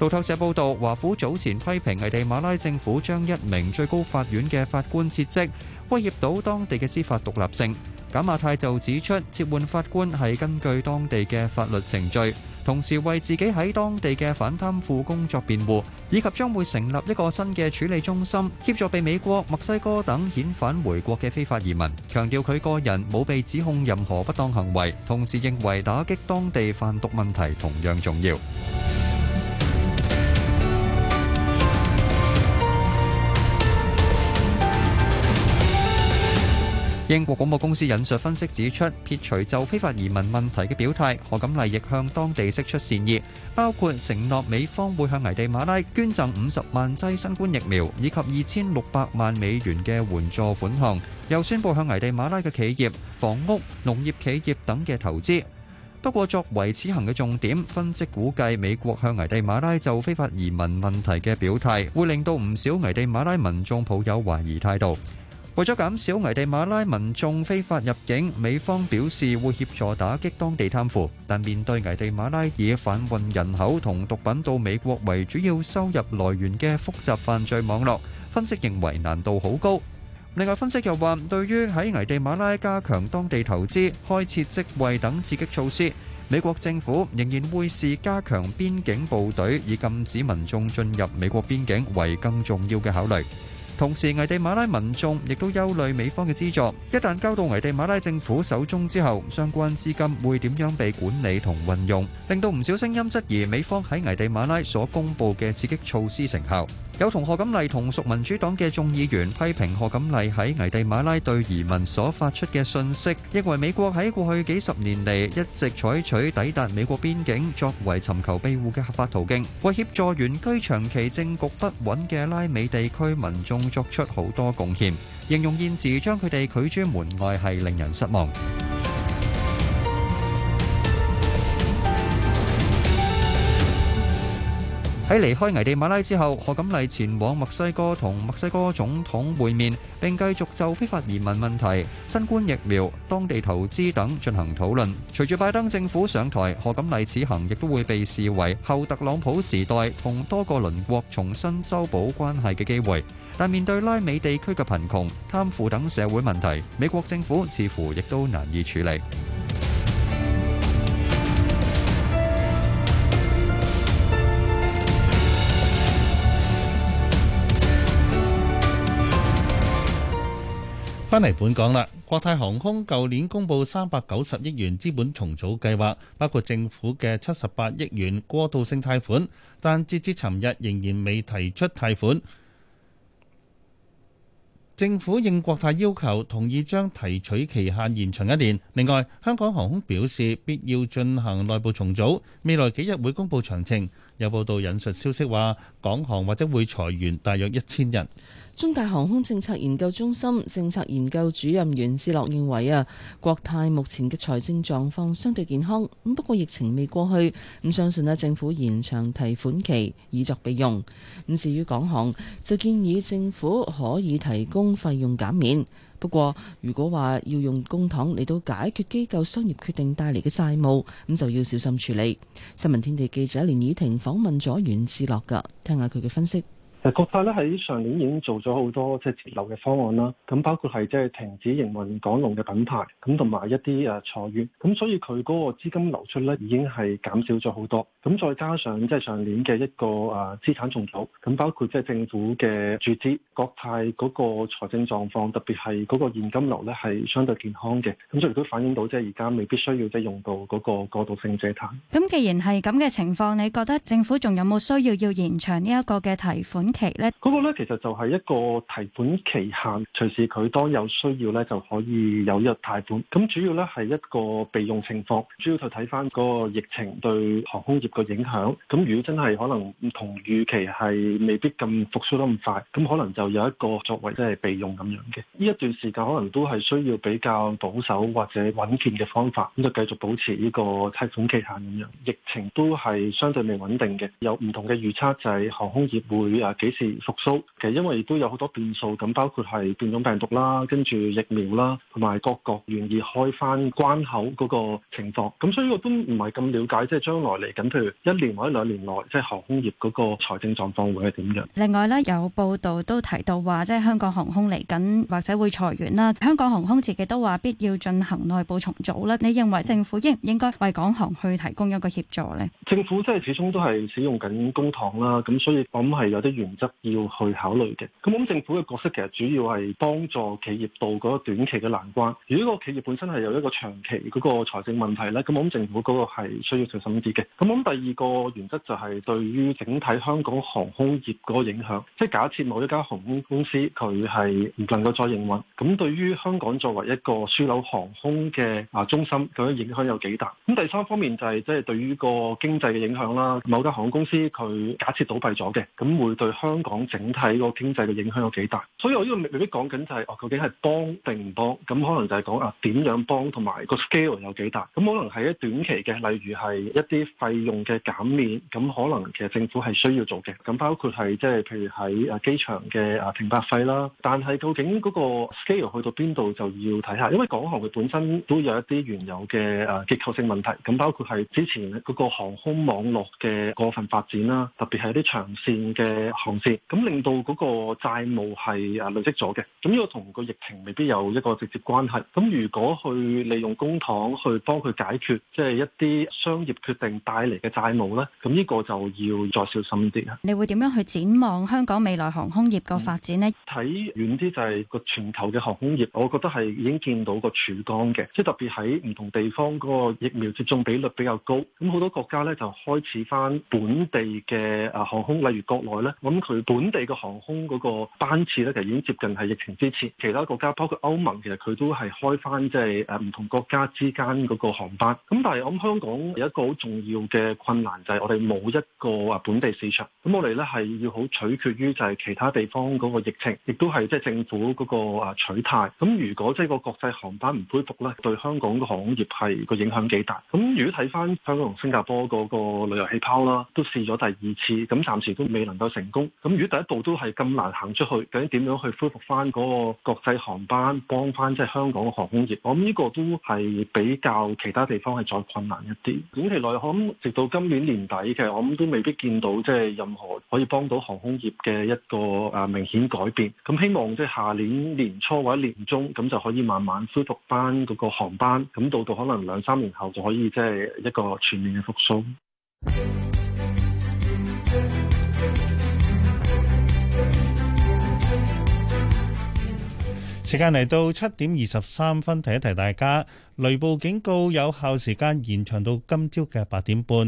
路透社報道，華府早前批評危地馬拉政府將一名最高法院嘅法官撤職，威脅到當地嘅司法獨立性。賈馬泰就指出，撤換法官係根據當地嘅法律程序，同時為自己喺當地嘅反貪腐工作辯護，以及將會成立一個新嘅處理中心，協助被美國、墨西哥等遣返回國嘅非法移民，強調佢個人冇被指控任何不當行為，同時認為打擊當地販毒問題同樣重要。英國廣播公司引述分析指出，撇除就非法移民問題嘅表態，何錦麗亦向當地釋出善意，包括承諾美方會向危地馬拉捐贈五十萬為咗減少危地馬拉民眾非法入境，美方表示會協助打擊當地貪腐，但面對危地馬拉以販運人口同毒品到美國為主要收入來源嘅複雜犯罪網絡，分析認為難度好高。另外，分析又話，對於喺危地馬拉加強當地投資、開設職位等刺激措施，美國政府仍然會視加強邊境部隊以禁止民眾進入美國邊境為更重要嘅考慮。同時，作出好多貢獻，形容現時將佢哋拒諸門外係令人失望。喺離開危地馬拉之後，賀錦麗前往墨西哥同墨西哥總統會面，並繼續就非法移民問題、新冠疫苗、當地投資等進行討論。隨住拜登政府上台，賀錦麗此行亦都會被視為後特朗普時代同多個鄰國重新修補關係嘅機會。但面對拉美地區嘅貧窮、貪腐等社會問題，美國政府似乎亦都難以處理。翻嚟本港啦，國泰航空舊年公布三百九十億元資本重組計劃，包括政府嘅七十八億元過渡性貸款，但截至尋日仍然未提出貸款。政府應國泰要求，同意將提取期限延長一年。另外，香港航空表示必要進行內部重組，未來幾日會公布詳情。有報道引述消息話，港航或者會裁員大約一千人。中大航空政策研究中心政策研究主任袁志樂認為啊，國泰目前嘅財政狀況相對健康咁，不過疫情未過去，咁相信啊政府延長提款期以作備用。咁至於港航就建議政府可以提供費用減免，不過如果話要用公帑嚟到解決機構商業決定帶嚟嘅債務，咁就要小心處理。新聞天地記者連綺婷訪問咗袁志樂噶，聽下佢嘅分析。誒國泰咧喺上年已經做咗好多即係節流嘅方案啦，咁包括係即係停止營運港龍嘅品牌，咁同埋一啲誒、啊、裁員，咁所以佢嗰個資金流出咧已經係減少咗好多，咁再加上即係上年嘅一個誒資產重組，咁包括即係政府嘅注資，國泰嗰個財政狀況特別係嗰個現金流咧係相對健康嘅，咁所以都反映到即係而家未必需要即係用到嗰個過渡性借貸。咁既然係咁嘅情況，你覺得政府仲有冇需要要延長呢一個嘅提款？期咧嗰個咧，其實就係一個提款期限，隨時佢當有需要咧就可以有一個貸款。咁主要咧係一個備用情況，主要就睇返嗰個疫情對航空業嘅影響。咁如果真係可能唔同預期係未必咁復甦得咁快，咁可能就有一個作為即係備用咁樣嘅。呢一段時間可能都係需要比較保守或者穩健嘅方法，咁就繼續保持呢個貸款期限咁樣。疫情都係相對未穩定嘅，有唔同嘅預測就係、是、航空業會啊～幾時復甦？其實因為都有好多變數，咁包括係變種病毒啦，跟住疫苗啦，同埋各國願意開翻關口嗰個情況。咁所以我都唔係咁了解，即係將來嚟緊，譬如一年或者兩年內，即係航空業嗰個財政狀況會係點樣？另外咧，有報道都提到話，即係香港航空嚟緊或者會裁員啦。香港航空自己都話必要進行內部重組啦。你認為政府應唔應該為港航去提供一個協助呢？政府即係始終都係使用緊公帑啦，咁所以我諗係有啲遠。原則要去考慮嘅，咁我諗政府嘅角色其實主要係幫助企業渡嗰個短期嘅難關。如果個企業本身係有一個長期嗰個財政問題咧，咁我諗政府嗰個係需要小心啲嘅。咁我諗第二個原則就係對於整體香港航空業嗰個影響，即係假設某一間航空公司佢係唔能夠再營運，咁對於香港作為一個樞紐航空嘅啊中心，咁樣影響有幾大？咁第三方面就係即係對於個經濟嘅影響啦。某間航空公司佢假設倒閉咗嘅，咁會對香港整體個經濟嘅影響有幾大，所以我呢個未必講緊就係哦，究竟係幫定唔幫，咁可能就係講啊點樣幫同埋個 scale 有幾大，咁可能係一短期嘅，例如係一啲費用嘅減免，咁可能其實政府係需要做嘅，咁包括係即係譬如喺啊機場嘅啊停泊費啦，但係究竟嗰個 scale 去到邊度就要睇下，因為港航佢本身都有一啲原有嘅啊結構性問題，咁包括係之前嗰個航空網絡嘅過分發展啦，特別係一啲長線嘅。公司咁令到嗰個債務係累積咗嘅，咁呢個同個疫情未必有一個直接關係。咁如果去利用公帑去幫佢解決，即係一啲商業決定帶嚟嘅債務咧，咁呢個就要再小心啲啦。你會點樣去展望香港未來航空業個發展咧？睇遠啲就係個全球嘅航空業，我覺得係已經見到個曙光嘅，即係特別喺唔同地方嗰個疫苗接種比率比較高，咁好多國家咧就開始翻本地嘅啊航空，例如國內咧，佢本地嘅航空嗰個班次咧，其實已經接近係疫情之前。其他國家包括歐盟，其實佢都係開翻即係誒唔同國家之間嗰個航班。咁但係我諗香港有一個好重要嘅困難就係我哋冇一個啊本地市場，咁我哋咧係要好取決於就係其他地方嗰個疫情，亦都係即係政府嗰個啊取態，咁如果即係個國際航班唔恢復咧，對香港嘅行業係個影響幾大。咁如果睇翻香港同新加坡嗰個旅遊氣泡啦，都試咗第二次，咁暫時都未能夠成功。咁如果第一步都係咁難行出去，究竟點樣去恢復翻嗰個國際航班，幫翻即係香港嘅航空業？我諗呢個都係比較其他地方係再困難一啲。短期內，我諗直到今年年底嘅，我諗都未必見到即係任何可以幫到航空業嘅一個誒明顯改變。咁、嗯、希望即係下年年初或者年中，咁就可以慢慢恢復翻嗰個航班。咁到到可能兩三年後，就可以即係一個全面嘅復甦。 時間嚟到七點二十三分，提一提大家，雷暴警告有效時間延長到今朝嘅八點半。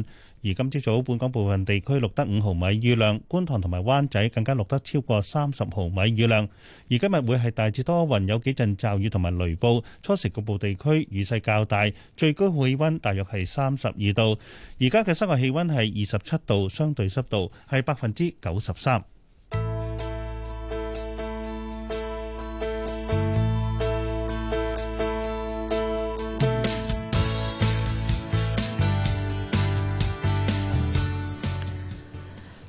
而今朝早，本港部分地區錄得五毫米雨量，觀塘同埋灣仔更加錄得超過三十毫米雨量。而今日會係大致多雲，有幾陣驟雨同埋雷暴，初時局部地區雨勢較大，最高氣温大約係三十二度。而家嘅室外氣温係二十七度，相對濕度係百分之九十三。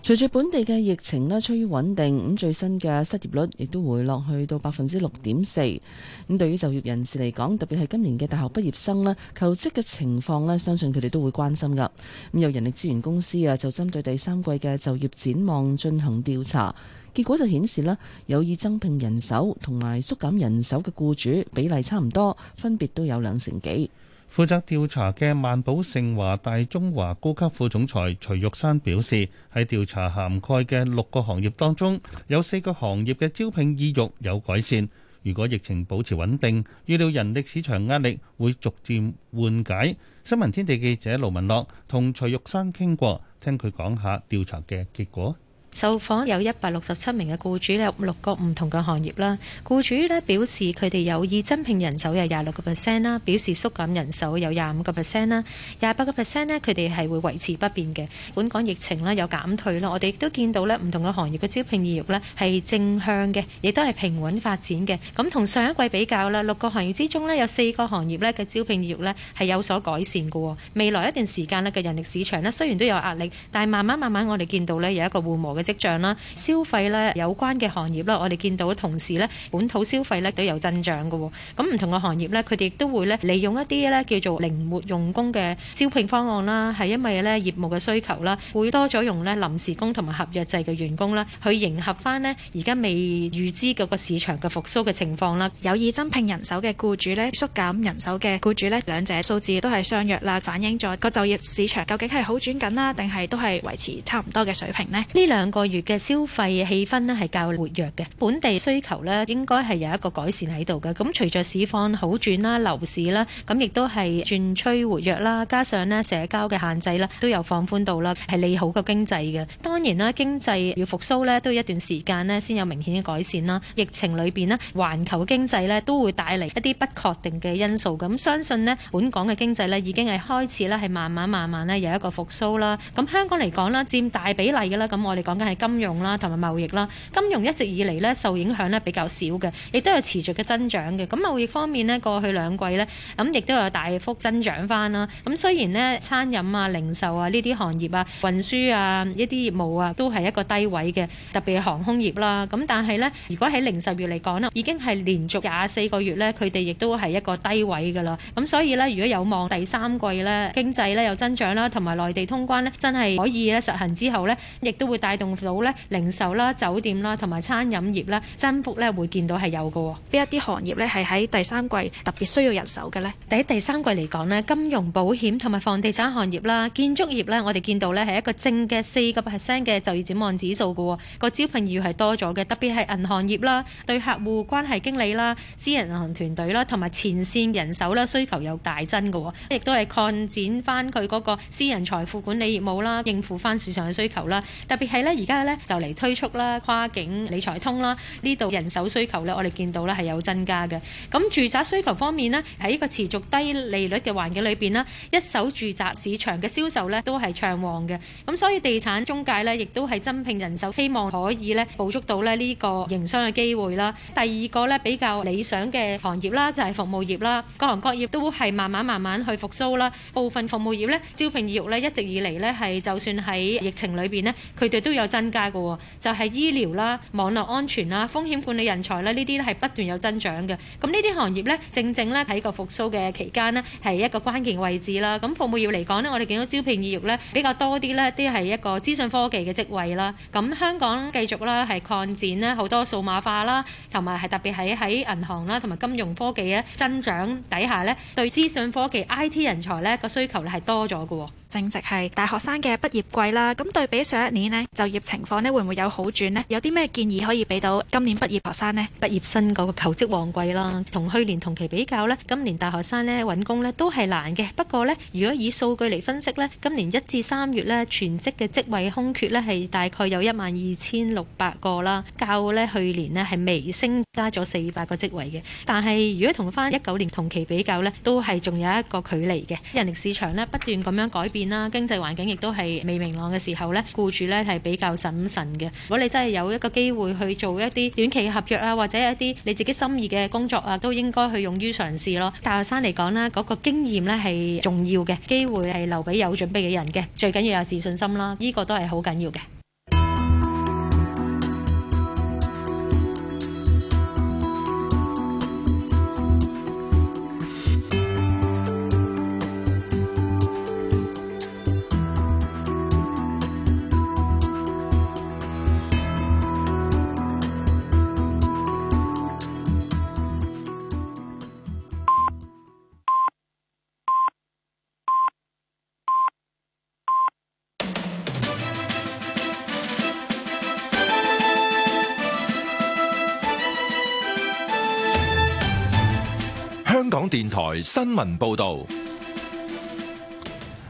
隨住本地嘅疫情呢，趨於穩定，咁最新嘅失業率亦都回落去到百分之六點四。咁、嗯、對於就業人士嚟講，特別係今年嘅大學畢業生咧，求職嘅情況呢，相信佢哋都會關心㗎。咁、嗯、有人力資源公司啊，就針對第三季嘅就業展望進行調查，結果就顯示咧，有意增聘人手同埋縮減人手嘅僱主比例差唔多，分別都有兩成幾。負責調查嘅萬寶盛華大中華高級副總裁徐玉山表示，喺調查涵蓋嘅六個行業當中，有四個行業嘅招聘意欲有改善。如果疫情保持穩定，預料人力市場壓力會逐漸緩解。新聞天地記者盧文樂同徐玉山傾過，聽佢講下調查嘅結果。受訪有一百六十七名嘅僱主，有六個唔同嘅行業啦。僱主咧表示佢哋有意增聘人手有廿六個 percent 啦，表示縮減人手有廿五個 percent 啦，廿八個 percent 咧佢哋係會維持不變嘅。本港疫情咧有減退啦，我哋亦都見到呢唔同嘅行業嘅招聘意欲咧係正向嘅，亦都係平穩發展嘅。咁同上一季比較啦，六個行業之中呢有四個行業咧嘅招聘意欲咧係有所改善嘅喎。未來一段時間呢嘅人力市場咧雖然都有壓力，但係慢慢慢慢我哋見到呢有一個緩和嘅跡象啦，消費咧有關嘅行業啦，我哋見到同時咧，本土消費咧都有增長嘅。咁唔同嘅行業咧，佢哋亦都會咧利用一啲咧叫做靈活用工嘅招聘方案啦，係因為咧業務嘅需求啦，會多咗用咧臨時工同埋合約制嘅員工啦，去迎合翻咧而家未預知嗰個市場嘅復甦嘅情況啦。有意增聘人手嘅僱主咧，縮減人手嘅僱主咧，兩者數字都係相約啦，反映咗個就業市場究竟係好轉緊啦，定係都係維持差唔多嘅水平咧？呢兩個月嘅消費氣氛咧係較活躍嘅，本地需求咧應該係有一個改善喺度嘅。咁隨着市況好轉啦，樓市啦，咁亦都係轉趨活躍啦。加上呢社交嘅限制啦，都有放寬到啦，係利好個經濟嘅。當然啦，經濟要復甦呢，都要一段時間呢先有明顯嘅改善啦。疫情裏邊呢，環球經濟呢都會帶嚟一啲不確定嘅因素。咁相信呢本港嘅經濟呢已經係開始咧係慢慢慢慢咧有一個復甦啦。咁香港嚟講啦，佔大比例嘅啦，咁我哋講。係金融啦，同埋貿易啦。金融一直以嚟咧受影響咧比較少嘅，亦都有持續嘅增長嘅。咁貿易方面咧，過去兩季咧，咁亦都有大幅增長翻啦。咁雖然咧，餐飲啊、零售啊呢啲行業啊、運輸啊一啲業務啊，都係一個低位嘅，特別係航空業啦。咁但係咧，如果喺零售業嚟講啦，已經係連續廿四個月咧，佢哋亦都係一個低位噶啦。咁所以咧，如果有望第三季咧經濟咧有增長啦，同埋內地通關咧真係可以咧實行之後咧，亦都會帶動。到咧零售啦、酒店啦同埋餐飲業啦，增幅咧會見到係有嘅。邊一啲行業咧係喺第三季特別需要人手嘅咧？喺第三季嚟講咧，金融保險同埋房地產行業啦、建築業咧，我哋見到咧係一個正嘅四個 percent 嘅就業展望指數嘅，個招聘要係多咗嘅。特別係銀行業啦，對客戶關係經理啦、私人銀行團隊啦同埋前線人手啦，需求有大增嘅，亦都係擴展翻佢嗰個私人財富管理業務啦，應付翻市場嘅需求啦。特別係咧。而家咧就嚟推出啦跨境理財通啦，呢度人手需求咧，我哋見到咧係有增加嘅。咁住宅需求方面咧，喺一個持續低利率嘅環境裏邊啦，一手住宅市場嘅銷售咧都係暢旺嘅。咁所以地產中介咧，亦都係增聘人手，希望可以咧捕捉到咧呢個營商嘅機會啦。第二個咧比較理想嘅行業啦，就係服務業啦，各行各業都係慢慢慢慢去復甦啦。部分服務業咧，招聘業務咧一直以嚟咧係就算喺疫情裏邊咧，佢哋都有。增加嘅喎，就係醫療啦、網絡安全啦、風險管理人才啦，呢啲咧係不斷有增長嘅。咁呢啲行業咧，正正咧喺個復甦嘅期間咧，係一個關鍵位置啦。咁服務業嚟講咧，我哋見到招聘意欲咧比較多啲咧，啲係一個資訊科技嘅職位啦。咁香港繼續啦係擴展啦，好多數碼化啦，同埋係特別喺喺銀行啦同埋金融科技咧增長底下咧，對資訊科技 IT 人才咧個需求咧係多咗嘅。正值係大學生嘅畢業季啦，咁對比上一年咧，就業情況咧會唔會有好轉咧？有啲咩建議可以俾到今年畢業學生咧？畢業生個求職旺季啦，同去年同期比較咧，今年大學生咧穩工咧都係難嘅。不過咧，如果以數據嚟分析咧，今年一至三月咧全職嘅職位空缺咧係大概有一萬二千六百個啦，較咧去年咧係微升加咗四百個職位嘅。但係如果同翻一九年同期比較咧，都係仲有一個距離嘅。人力市場咧不斷咁樣改變啦，經濟環境亦都係未明朗嘅時候呢，僱主呢係比較審慎嘅。如果你真係有一個機會去做一啲短期嘅合約啊，或者一啲你自己心儀嘅工作啊，都應該去勇於嘗試咯。大學生嚟講咧，嗰個經驗咧係重要嘅，機會係留俾有準備嘅人嘅。最緊要有自信心啦，呢個都係好緊要嘅。電台新聞報道：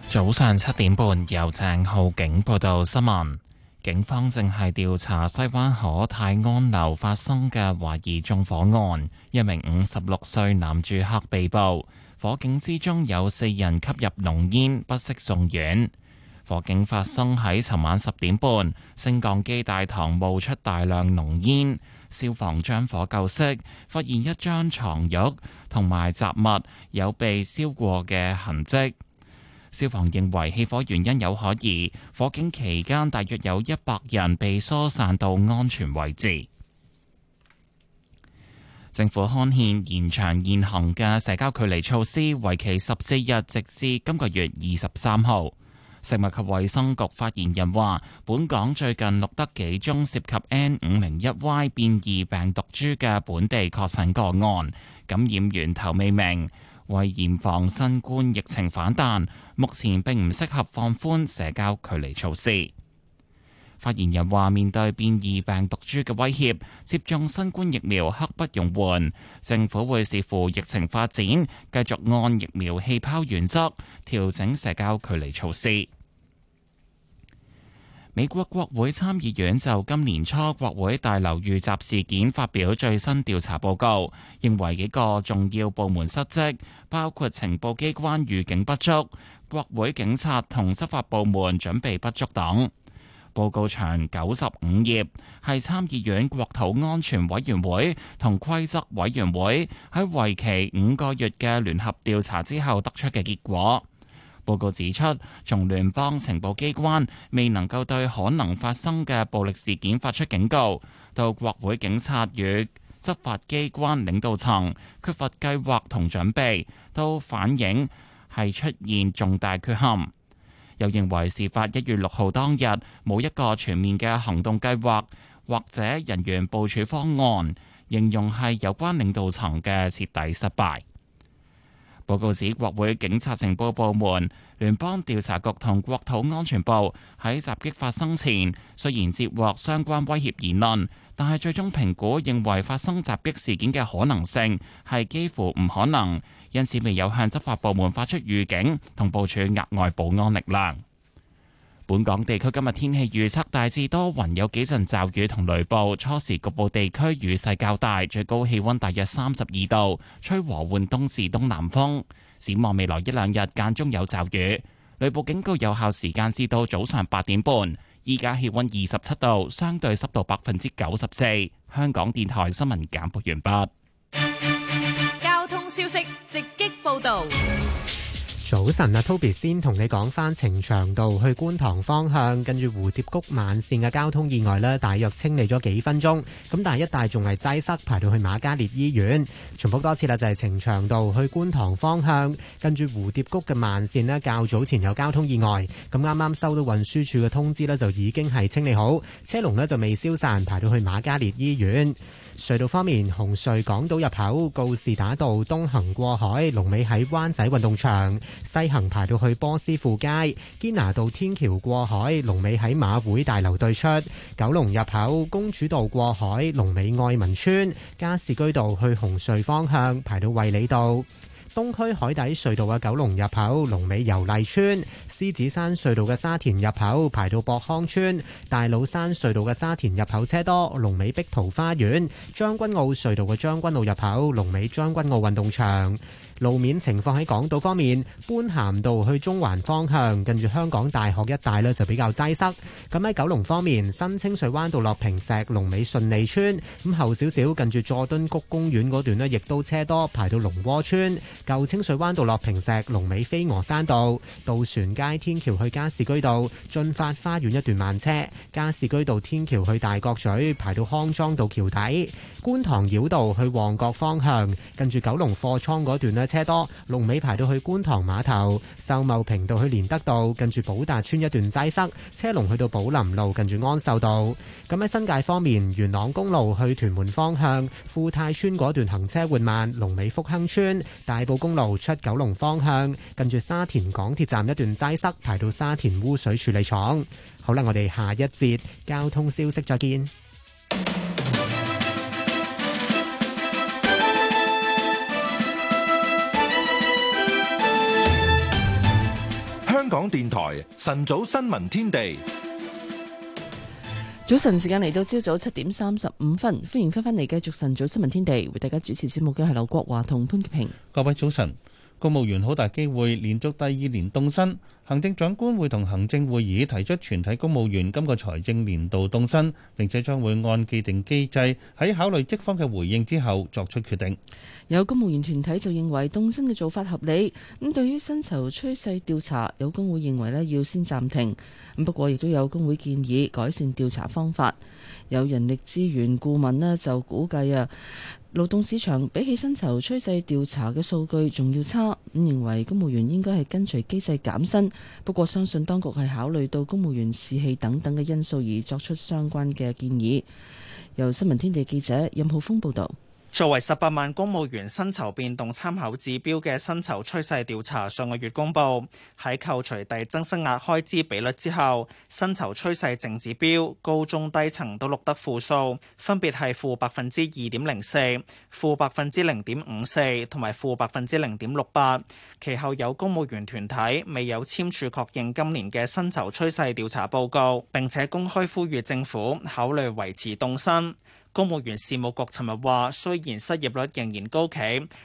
早上七點半，由鄭浩景報道新聞。警方正係調查西灣河泰安樓發生嘅懷疑縱火案，一名五十六歲男住客被捕。火警之中有四人吸入濃煙，不適送院。火警發生喺尋晚十點半，升降機大堂冒出大量濃煙。消防將火救熄，發現一張床褥同埋雜物有被燒過嘅痕跡。消防認為起火原因有可疑。火警期間大約有一百人被疏散到安全位置。政府刊憲延長現行嘅社交距離措施，為期十四日，直至今個月二十三號。食物及衛生局發言人話：本港最近錄得幾宗涉及 N501Y 變異病毒株嘅本地確診個案，感染源頭未明。為嚴防新冠疫情反彈，目前並唔適合放寬社交距離措施。發言人話：面對變異病毒株嘅威脅，接種新冠疫苗刻不容緩。政府會視乎疫情發展，繼續按疫苗氣泡原則調整社交距離措施。美國國會參議院就今年初國會大樓遇襲事件發表最新調查報告，認為幾個重要部門失職，包括情報機關預警不足、國會警察同執法部門準備不足等。報告長九十五頁，係參議院國土安全委員會同規則委員會喺為期五個月嘅聯合調查之後得出嘅結果。報告指出，從聯邦情報機關未能夠對可能發生嘅暴力事件發出警告，到國會警察與執法機關領導層缺乏計劃同準備，都反映係出現重大缺陷。又認為事發一月六號當日冇一個全面嘅行動計劃，或者人員部署方案，形容係有關領導層嘅徹底失敗。報告指，國會警察情報部門、聯邦調查局同國土安全部喺襲擊發生前，雖然接獲相關威脅言論，但係最終評估認為發生襲擊事件嘅可能性係幾乎唔可能，因此未有向執法部門發出預警，同部署額外保安力量。本港地區今日天氣預測，大致多雲，雲有幾陣驟雨同雷暴，初時局部地區雨勢較大，最高氣溫大約三十二度，吹和緩東至東南風。展望未來一兩日間中有驟雨，雷暴警告有效時間至到早上八點半。依家氣溫二十七度，相對濕度百分之九十四。香港電台新聞簡報完畢。交通消息直擊報道。早晨啊，Toby 先同你講返，呈祥道去觀塘方向，跟住蝴蝶谷慢線嘅交通意外呢，大約清理咗幾分鐘。咁但係一帶仲係擠塞，排到去馬嘉烈醫院。重複多次啦，就係呈祥道去觀塘方向，跟住蝴蝶谷嘅慢線呢，較早前有交通意外。咁啱啱收到運輸署嘅通知呢，就已經係清理好，車龍呢就未消散，排到去馬嘉烈醫院。隧道方面，紅隧港島入口告士打道東行過海，龍尾喺灣仔運動場；西行排到去波斯富街、堅拿道天橋過海，龍尾喺馬會大樓對出；九龍入口公主道過海，龍尾愛民村；加士居道去紅隧方向排到衛理道。東區海底隧道嘅九龍入口，龍尾油麗村；獅子山隧道嘅沙田入口，排到博康村；大老山隧道嘅沙田入口車多，龍尾碧桃花園；將軍澳隧道嘅將軍澳入口，龍尾將軍澳運動場。路面情況喺港島方面，般咸道去中環方向，近住香港大學一帶呢就比較擠塞。咁喺九龍方面，新清水灣道落坪石龍尾順利村，咁後少少近住佐敦谷公園嗰段呢亦都車多排到龍窩村。舊清水灣道落坪石龍尾飛鵝山道，渡船街天橋去加士居道，駿發花園一段慢車，加士居道天橋去大角咀排到康莊道橋底，觀塘繞道去旺角方向，近住九龍貨倉嗰段呢。車多，龍尾排到去觀塘碼頭，秀茂坪道去連德道近住寶達村一段擠塞，車龍去到寶林路近住安秀道。咁喺新界方面，元朗公路去屯門方向富泰村嗰段行車緩慢，龍尾福亨村大埔公路出九龍方向近住沙田港鐵站一段擠塞，排到沙田污水處理廠。好啦，我哋下一節交通消息再見。港電台晨早新聞天地，早晨時間嚟到朝早七點三十五分，歡迎翻返嚟繼續晨早新聞天地，為大家主持節目嘅係劉國華同潘潔平，各位早晨。公務員好大機會連續第二年凍薪。行政長官會同行政會議提出全體公務員今個財政年度凍薪，並且將會按既定機制喺考慮職方嘅回應之後作出決定。有公務員團體就認為凍薪嘅做法合理。咁對於薪酬趨勢調查，有工會認為咧要先暫停。不過亦都有工會建議改善調查方法。有人力資源顧問咧就估計啊，勞動市場比起薪酬趨勢調查嘅數據仲要差，咁認為公務員應該係跟隨機制減薪。不過相信當局係考慮到公務員士氣等等嘅因素而作出相關嘅建議。由新聞天地記者任浩峰報道。作為十八萬公務員薪酬變動參考指標嘅薪酬趨勢調查上個月公布，喺扣除遞增薪額開支比率之後，薪酬趨勢淨指標高中低層都錄得負數，分別係負百分之二點零四、負百分之零點五四同埋負百分之零點六八。其後有公務員團體未有簽署確認今年嘅薪酬趨勢調查報告，並且公開呼籲政府考慮維持凍薪。公務員事務局尋日話，雖然失業率仍然高企，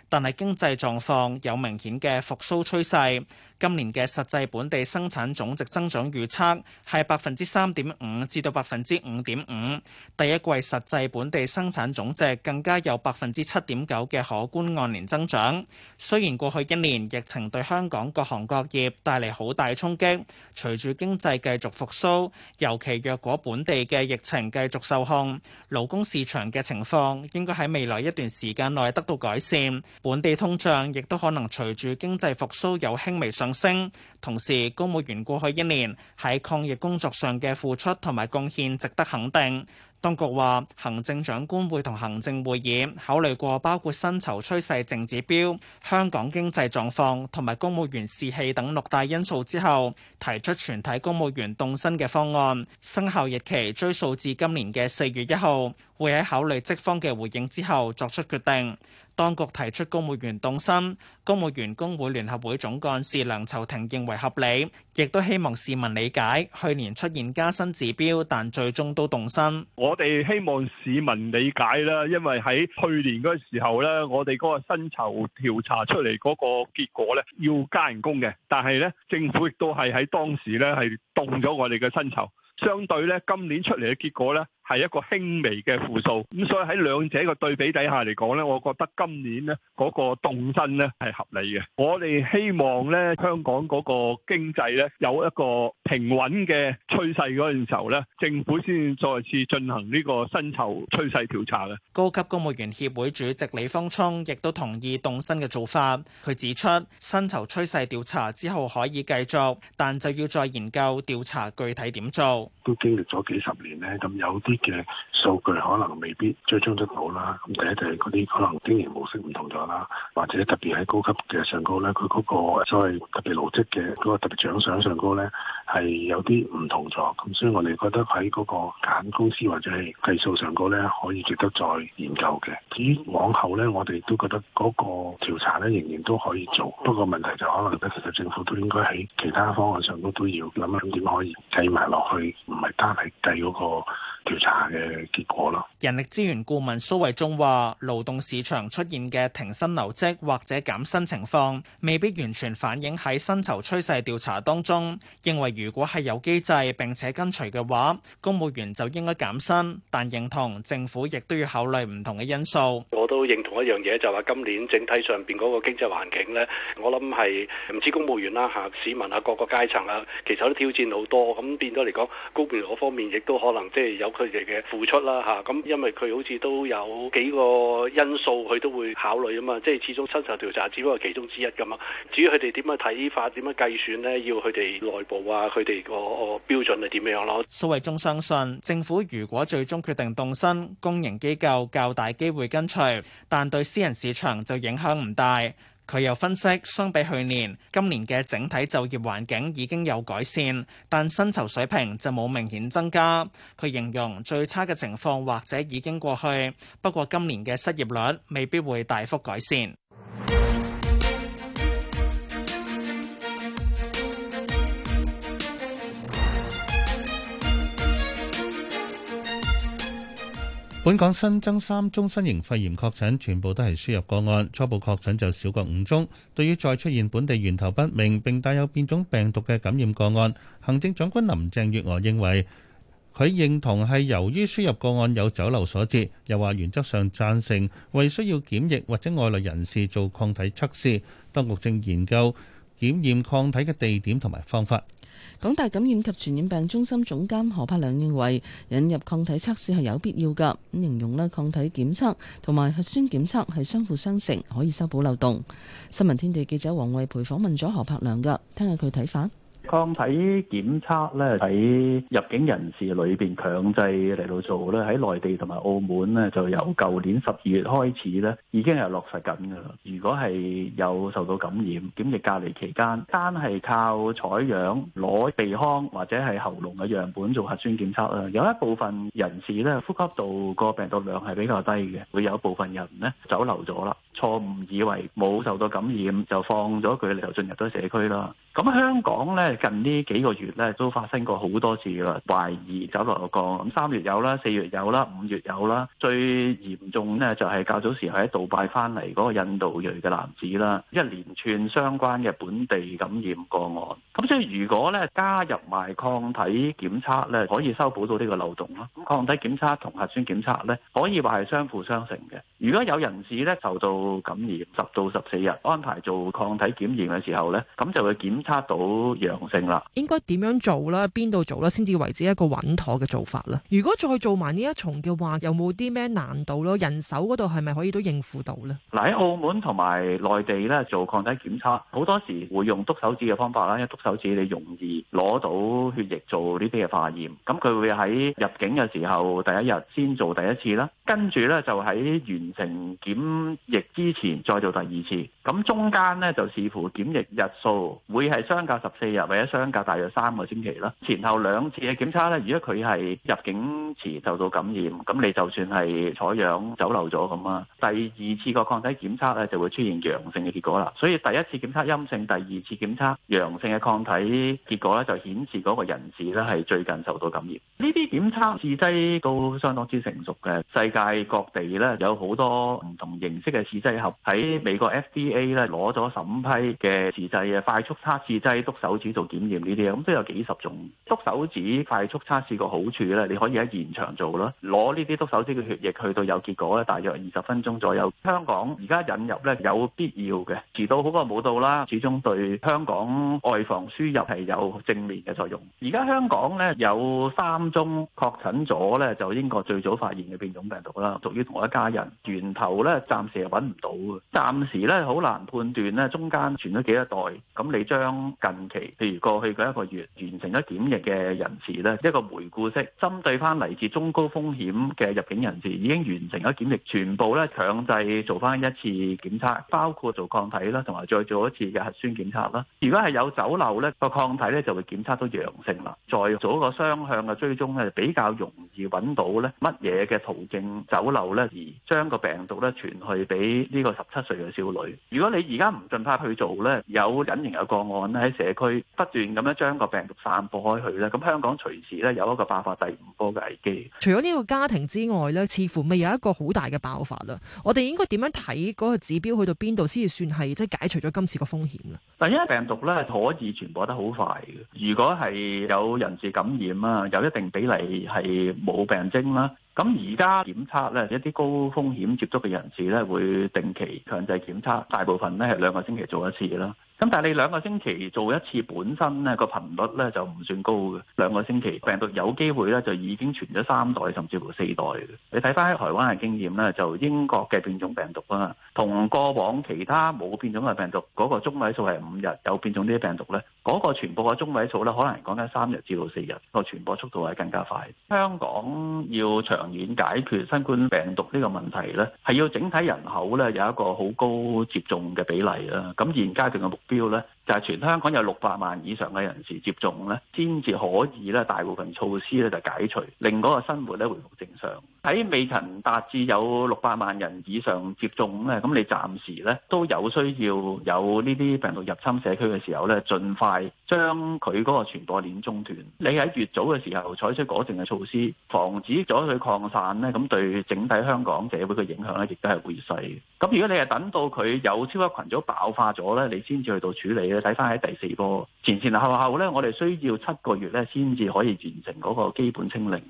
但係經濟狀況有明顯嘅復甦趨勢。今年嘅實際本地生產總值增長預測係百分之三點五至到百分之五點五，第一季實際本地生產總值更加有百分之七點九嘅可觀按年增長。雖然過去一年疫情對香港各行各業帶嚟好大衝擊，隨住經濟繼續復甦，尤其若果本地嘅疫情繼續受控，勞工市場嘅情況應該喺未來一段時間內得到改善。本地通脹亦都可能隨住經濟復甦有輕微上升，同時，公務員過去一年喺抗疫工作上嘅付出同埋貢獻值得肯定。當局話，行政長官會同行政會議考慮過包括薪酬趨勢淨指標、香港經濟狀況同埋公務員士氣等六大因素之後，提出全體公務員凍薪嘅方案，生效日期追溯至今年嘅四月一號，會喺考慮職方嘅回應之後作出決定。當局提出公務員凍薪，公務員工會聯合會總幹事梁籌庭認為合理，亦都希望市民理解。去年出現加薪指標，但最終都凍薪。我哋希望市民理解，因為喺去年嗰時候呢，我哋嗰個薪酬調查出嚟嗰個結果呢，要加人工嘅，但係呢，政府亦都係喺當時呢，係凍咗我哋嘅薪酬，相對今年出嚟嘅結果，係一個輕微嘅負數，咁所以喺兩者嘅對比底下嚟講咧，我覺得今年咧嗰個凍薪咧係合理嘅。我哋希望咧香港嗰個經濟咧有一個平穩嘅趨勢嗰陣時候咧，政府先再次進行呢個薪酬趨勢調查嘅。高級公務員協會主席李方聰亦都同意凍薪嘅做法。佢指出，薪酬趨勢調查之後可以繼續，但就要再研究調查具體點做。都經歷咗幾十年咧，咁有啲嘅數據可能未必追蹤得到啦。咁第一就係嗰啲可能經營模式唔同咗啦，或者特別喺高級嘅上高咧，佢嗰個所謂特別勞積嘅嗰個特別獎賞上高咧，係有啲唔同咗。咁所以我哋覺得喺嗰個揀公司或者係計數上高咧，可以值得再研究嘅。至於往後咧，我哋都覺得嗰個調查咧，仍然都可以做。不過問題就可能咧，其實政府都應該喺其他方案上高都要諗一諗點可以計埋落去，唔係單係計嗰個調查嘅結果咯。人力資源顧問蘇慧忠話，勞動市場出現嘅停薪留職或者減薪情況，未必完全反映喺薪酬趨勢調查當中。認為如果係有機制並且跟隨嘅話，公務員就應該減薪，但認同政府亦都要考慮唔同嘅因素。我都認同一樣嘢，就係話今年整體上邊嗰個經濟環境咧，我諗係唔知公務員啦吓，市民啊，各個階層啊，其實都挑戰好多。咁變咗嚟講，公務員嗰方面亦都可能即係有。佢哋嘅付出啦吓，咁因為佢好似都有幾個因素，佢都會考慮啊嘛，即係始終薪酬調查只不過係其中之一㗎嘛。至於佢哋點樣睇法，點樣計算咧，要佢哋內部啊，佢哋個標準係點樣咯？蘇慧忠相信政府如果最終決定動身，公營機構較大機會跟隨，但對私人市場就影響唔大。佢又分析，相比去年，今年嘅整體就業環境已經有改善，但薪酬水平就冇明顯增加。佢形容最差嘅情況或者已經過去，不過今年嘅失業率未必會大幅改善。本港新增三宗新型肺炎確診，全部都係輸入個案，初步確診就少過五宗。對於再出現本地源頭不明並帶有變種病毒嘅感染個案，行政長官林鄭月娥認為，佢認同係由於輸入個案有走漏所致，又話原則上贊成為需要檢疫或者外來人士做抗體測試，當局正研究檢驗抗體嘅地點同埋方法。港大感染及傳染病中心總監何柏良認為，引入抗體測試係有必要噶。咁形容咧，抗體檢測同埋核酸檢測係相輔相成，可以修補漏洞。新聞天地記者黃慧培訪問咗何柏良噶，聽下佢睇法。抗體檢測咧，喺入境人士裏邊強制嚟到做咧，喺內地同埋澳門咧，就由舊年十二月開始咧已經係落實緊噶㗎啦。如果係有受到感染，檢疫隔離期間，單係靠採樣攞鼻腔或者係喉嚨嘅樣本做核酸檢測咧，有一部分人士咧呼吸道個病毒量係比較低嘅，會有一部分人咧走漏咗啦，錯誤以為冇受到感染就放咗佢嚟到進入咗社區啦。咁香港咧～近呢幾個月咧，都發生過好多次嘅懷疑走落個案。三月有啦，四月有啦，五月有啦。最嚴重呢，就係較早時喺杜拜翻嚟嗰個印度裔嘅男子啦。一連串相關嘅本地感染個案。咁所以，如果咧加入埋抗體檢測咧，可以修補到呢個漏洞咯。咁抗體檢測同核酸檢測咧，可以話係相輔相成嘅。如果有人士咧受到感染十到十四日，安排做抗體檢驗嘅時候咧，咁就會檢測到陽。啦，應該點樣做啦？邊度做啦？先至為之一個穩妥嘅做法啦。如果再做埋呢一重嘅話，有冇啲咩難度咯？人手嗰度係咪可以都應付到咧？嗱，喺澳門同埋內地咧做抗體檢測，好多時會用篤手指嘅方法啦，因為篤手指你容易攞到血液做呢啲嘅化驗。咁佢會喺入境嘅時候第一日先做第一次啦，跟住咧就喺完成檢疫之前再做第二次。咁中間咧就視乎檢疫日數，會係相隔十四日。喺相隔大約三個星期啦，前後兩次嘅檢測咧，如果佢係入境時受到感染，咁你就算係採樣走漏咗咁啊，第二次個抗體檢測咧就會出現陽性嘅結果啦。所以第一次檢測陰性，第二次檢測陽性嘅抗體結果咧，就顯示嗰個人士咧係最近受到感染。呢啲檢測試劑都相當之成熟嘅，世界各地咧有好多唔同形式嘅試劑盒喺美國 FDA 咧攞咗審批嘅試劑嘅快速測試劑篤手指，做檢驗呢啲啊，咁都有幾十種。篤手指快速測試個好處咧，你可以喺現場做囉，攞呢啲篤手指嘅血液去到有結果咧，大約二十分鐘左右。香港而家引入咧有必要嘅，遲到好過冇到啦，始終對香港外防輸入係有正面嘅作用。而家香港咧有三宗確診咗咧，就英國最早發現嘅變種病毒啦，屬於同一家人，源頭咧暫時係揾唔到嘅。暫時咧好難判斷咧中間傳咗幾多代，咁你將近期。如過去嗰一個月完成咗檢疫嘅人士咧，一個回顧式針對翻嚟自中高風險嘅入境人士，已經完成咗檢疫，全部咧強制做翻一次檢測，包括做抗體啦，同埋再做一次嘅核酸檢測啦。如果係有走漏咧，個抗體咧就會檢測到陽性啦，再做一個雙向嘅追蹤咧，比較容易揾到咧乜嘢嘅途徑走漏咧，而將個病毒咧傳去俾呢個十七歲嘅少女。如果你而家唔盡快去做咧，有隱形嘅個案咧喺社區。不斷咁樣將個病毒散播開去咧，咁香港隨時咧有一個爆發第五波嘅危機。除咗呢個家庭之外咧，似乎未有一個好大嘅爆發啦。我哋應該點樣睇嗰個指標去到邊度先至算係即係解除咗今次個風險咧？但因為病毒咧係可以傳播得好快嘅，如果係有人事感染啊，有一定比例係冇病徵啦。咁而家檢測咧，一啲高風險接觸嘅人士咧，會定期強制檢測。大部分咧係兩個星期做一次啦。咁但係你兩個星期做一次，本身咧個頻率咧就唔算高嘅。兩個星期病毒有機會咧就已經傳咗三代甚至乎四代嘅。你睇翻喺台灣嘅經驗咧，就英國嘅變種病毒啊，同過往其他冇變種嘅病毒嗰個中位數係五日，有變種呢啲病毒咧，嗰個傳播嘅中位數咧可能講緊三日至到四日，個傳播速度係更加快。香港要長遠解決新冠病毒呢個問題咧，係要整體人口咧有一個好高接種嘅比例啦。咁現階段嘅目標咧。就係全香港有六百萬以上嘅人士接種咧，先至可以咧大部分措施咧就解除，令嗰個生活咧回復正常。喺未曾達至有六百萬人以上接種咧，咁你暫時咧都有需要有呢啲病毒入侵社區嘅時候咧，盡快將佢嗰個傳播鏈中斷。你喺越早嘅時候採取果陣嘅措施，防止咗佢擴散咧，咁對整體香港社會嘅影響咧，亦都係會越細。咁如果你係等到佢有超級群組爆發咗咧，你先至去到處理。你睇翻喺第四波前前後後咧，我哋需要七個月咧，先至可以完成嗰個基本清零。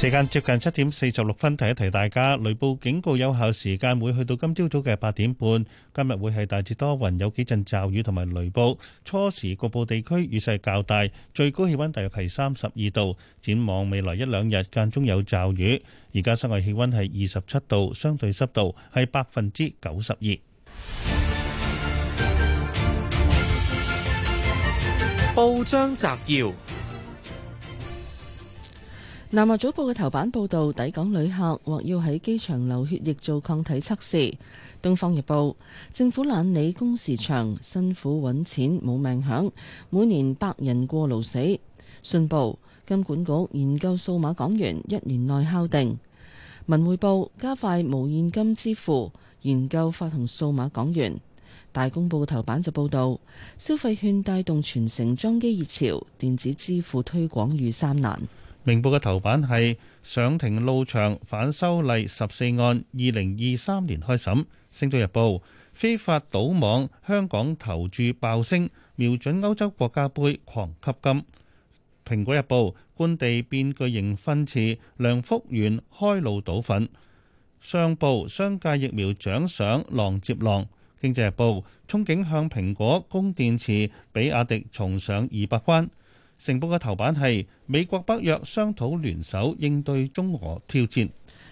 時間接近七點四十六分，提一提大家，雷暴警告有效時間會去到今朝早嘅八點半。今日會係大致多雲，有幾陣驟雨同埋雷暴。初時局部地區雨勢較大，最高氣溫大約係三十二度。展望未來一兩日間中有驟雨。而家室外氣溫係二十七度，相對濕度係百分之九十二。報章摘要。南華早報嘅頭版報道，抵港旅客或要喺機場流血液做抗體測試。東方日報，政府懶理工時長，辛苦揾錢冇命享，每年百人過勞死。信報，金管局研究數碼港元，一年內敲定。文匯報，加快無現金支付，研究發行數碼港元。大公報嘅頭版就報道，消費券帶動全城裝機熱潮，電子支付推廣遇三難。明報嘅頭版係上庭路長反修例十四案，二零二三年開審。星島日報，非法賭網，香港投注爆升，瞄準歐洲國家杯狂吸金。蘋果日報，官地變巨型分切，梁福元開路倒粉。上報，商界疫苗獎賞浪接浪。經濟日報，憧憬向蘋果供電池，比亞迪重上二百關。成報嘅頭版係美國北約商討聯手應對中俄挑戰。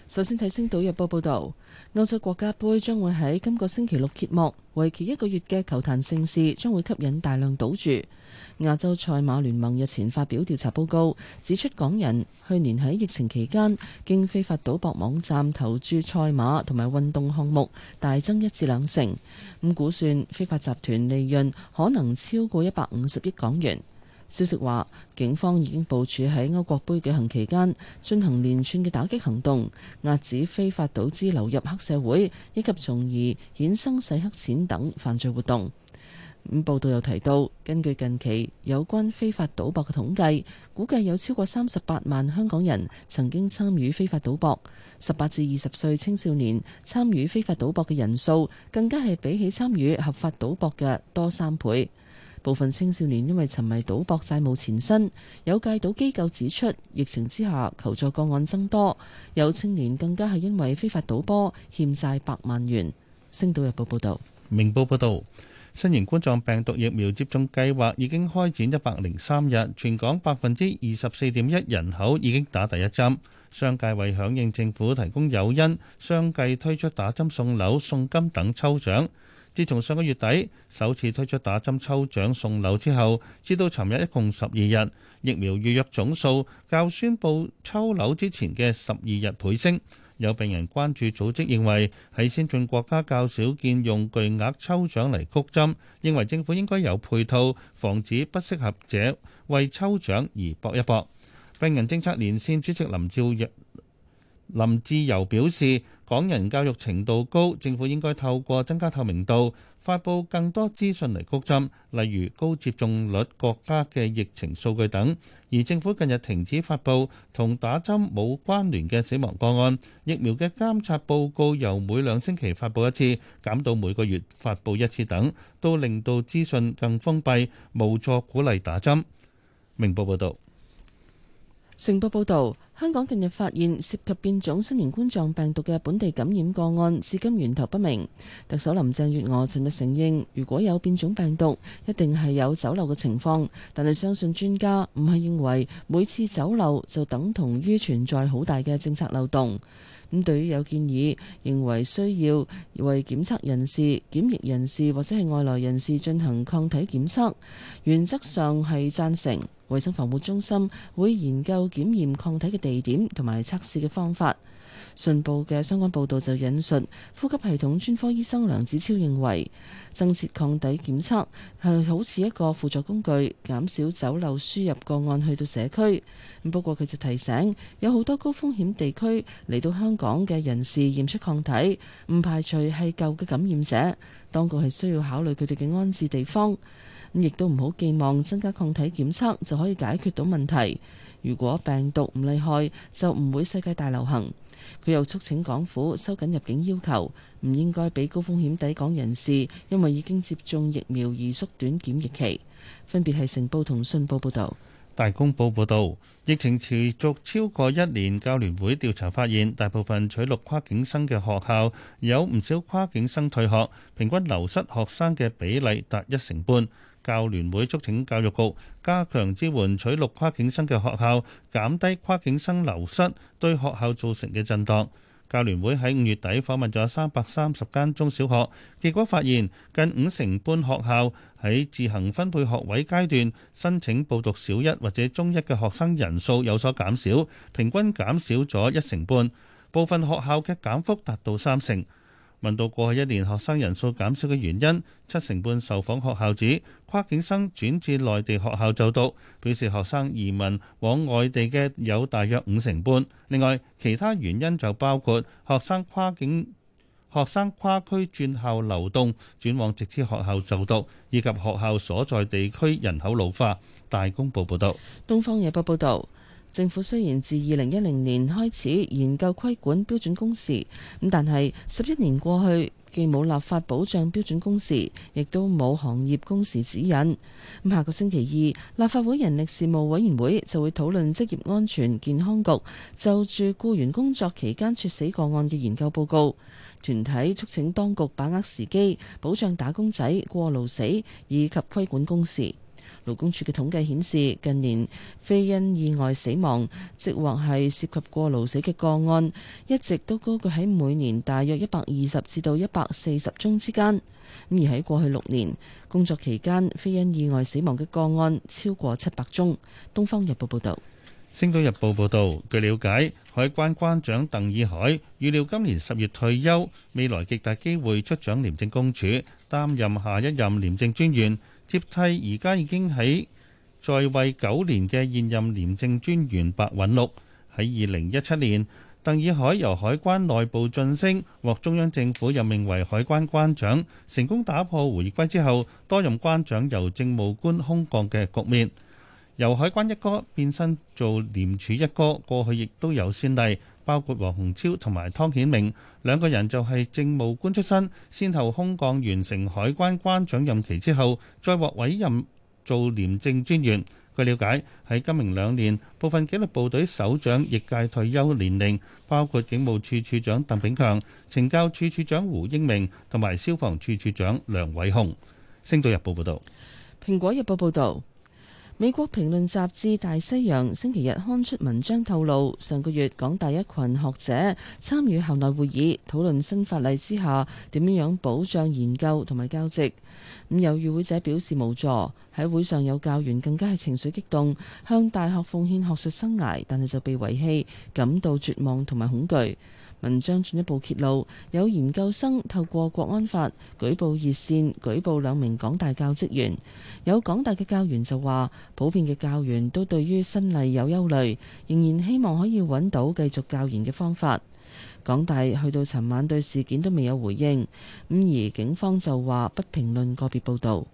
首先睇《星島日報》報道，歐洲國家杯將會喺今個星期六揭幕，為期一個月嘅球壇盛事將會吸引大量賭注。亞洲賽馬聯盟日前發表調查報告，指出港人去年喺疫情期間經非法賭博網站投注賽馬同埋運動項目大增一至兩成，咁估算非法集團利潤可能超過一百五十億港元。消息話，警方已經部署喺歐國杯舉行期間進行連串嘅打擊行動，壓止非法賭資流入黑社會，以及從而衍生洗黑錢等犯罪活動。咁報道又提到，根據近期有關非法賭博嘅統計，估計有超過三十八萬香港人曾經參與非法賭博，十八至二十歲青少年參與非法賭博嘅人數更加係比起參與合法賭博嘅多三倍。部分青少年因為沉迷賭博，債務纏身，有戒賭機構指出，疫情之下求助個案增多，有青年更加係因為非法賭波欠債百萬元。星島日報報道：「明報報道，新型冠狀病毒疫苗接種計劃已經開展一百零三日，全港百分之二十四點一人口已經打第一針。商界為響應政府提供誘因，商界推出打針送樓、送金等抽獎。自從上個月底首次推出打針抽獎送樓之後，至到尋日一共十二日，疫苗預約總數較宣佈抽樓之前嘅十二日倍升。有病人關注組織認為喺先進國家較少見用巨額抽獎嚟谷針，認為政府應該有配套防止不適合者為抽獎而搏一搏。病人政策連線主席林兆遠。林志由表示，港人教育程度高，政府應該透過增加透明度，發布更多資訊嚟谷針，例如高接種率國家嘅疫情數據等。而政府近日停止發布同打針冇關聯嘅死亡個案，疫苗嘅監察報告由每兩星期發布一次，減到每個月發布一次等，都令到資訊更封閉，無助鼓勵打針。明報報道。成報報導，香港近日發現涉及變種新型冠狀病毒嘅本地感染個案，至今源頭不明。特首林鄭月娥尋日承認，如果有變種病毒，一定係有走漏嘅情況，但係相信專家唔係認為每次走漏就等同於存在好大嘅政策漏洞。咁對於有建議認為需要為檢測人士、檢疫人士或者係外來人士進行抗體檢測，原則上係贊成。衛生防護中心會研究檢驗抗體嘅地點同埋測試嘅方法。《信報》嘅相關報道就引述呼吸系統專科醫生梁子超認為，增設抗體檢測係好似一個輔助工具，減少走漏輸入個案去到社區。不過佢就提醒，有好多高風險地區嚟到香港嘅人士驗出抗體，唔排除係舊嘅感染者，當局係需要考慮佢哋嘅安置地方。咁亦都唔好寄望增加抗體檢測就可以解決到問題。如果病毒唔厲害，就唔會世界大流行。佢又促請港府收緊入境要求，唔應該俾高風險抵港人士因為已經接種疫苗而縮短檢疫期。分別係《成報》同《信報》報導，《大公報》報導疫情持續超過一年，教聯會調查發現，大部分取錄跨境生嘅學校有唔少跨境生退學，平均流失學生嘅比例達一成半。教聯會促請教育局加強支援取錄跨境生嘅學校，減低跨境生流失對學校造成嘅震盪。教聯會喺五月底訪問咗三百三十間中小學，結果發現近五成半學校喺自行分配學位階段申請報讀小一或者中一嘅學生人數有所減少，平均減少咗一成半，部分學校嘅減幅達到三成。問到過去一年學生人數減少嘅原因，七成半受訪學校指跨境生轉至內地學校就讀，表示學生移民往外地嘅有大約五成半。另外，其他原因就包括學生跨境學生跨區轉校流動，轉往直資學校就讀，以及學校所在地區人口老化。大公報報道。東方日報報導。政府雖然自二零一零年開始研究規管標準工時，咁但係十一年過去，既冇立法保障標準工時，亦都冇行業工時指引。咁下個星期二，立法會人力事務委員會就會討論職業安全健康局就住僱員工作期間猝死個案嘅研究報告。團體促請當局把握時機，保障打工仔過勞死以及規管工時。勞工處嘅統計顯示，近年非因意外死亡，即或係涉及過勞死嘅個案，一直都高過喺每年大約一百二十至到一百四十宗之間。咁而喺過去六年工作期間，非因意外死亡嘅個案超過七百宗。東方日報報道。星島日報報道，據了解，海關關長鄧以海預料今年十月退休，未來極大機會出掌廉政公署，擔任下一任廉政專員。接替而家已經喺在位九年嘅現任廉政專員白韞六，喺二零一七年，鄧以海由海關內部晉升，獲中央政府任命為海關關長，成功打破回歸之後多任關長由政務官空降嘅局面。由海關一哥變身做廉署一哥，過去亦都有先例。包括黃洪超同埋湯顯明兩個人就係政務官出身，先後空降完成海關關長任期之後，再獲委任做廉政專員。據瞭解，喺今明兩年，部分紀律部隊首長亦屆退休年齡，包括警務處處長鄧炳強、懲教處處長胡英明同埋消防處處長梁偉雄。星島日報報導，蘋果日報報導。美國評論雜誌《大西洋》星期日刊出文章透露，上個月港大一群學者參與校內會議，討論新法例之下點樣保障研究同埋教職。咁有與會者表示無助，喺會上有教員更加係情緒激動，向大學奉獻學術生涯，但係就被遺棄，感到絕望同埋恐懼。文章進一步揭露，有研究生透過國安法舉報熱線舉報兩名港大教職員。有港大嘅教員就話，普遍嘅教員都對於新例有憂慮，仍然希望可以揾到繼續教研嘅方法。港大去到尋晚對事件都未有回應，咁而警方就話不評論個別報導。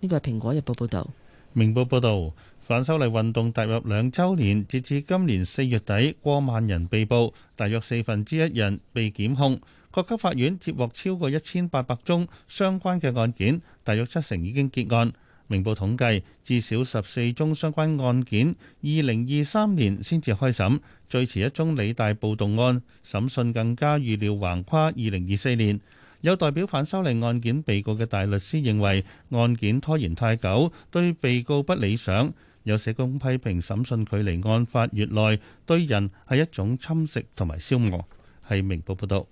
呢個係《蘋果日報》報導，明《明報》報導。反修例運動踏入兩週年，截至今年四月底，過萬人被捕，大約四分之一人被檢控。各級法院接獲超過一千八百宗相關嘅案件，大約七成已經結案。明報統計，至少十四宗相關案件，二零二三年先至開審，最遲一宗理大暴動案審訊更加預料橫跨二零二四年。有代表反修例案件被告嘅大律師認為，案件拖延太久，對被告不理想。有社工批評審訊距離案發越耐，對人係一種侵蝕同埋消磨。係明報報導，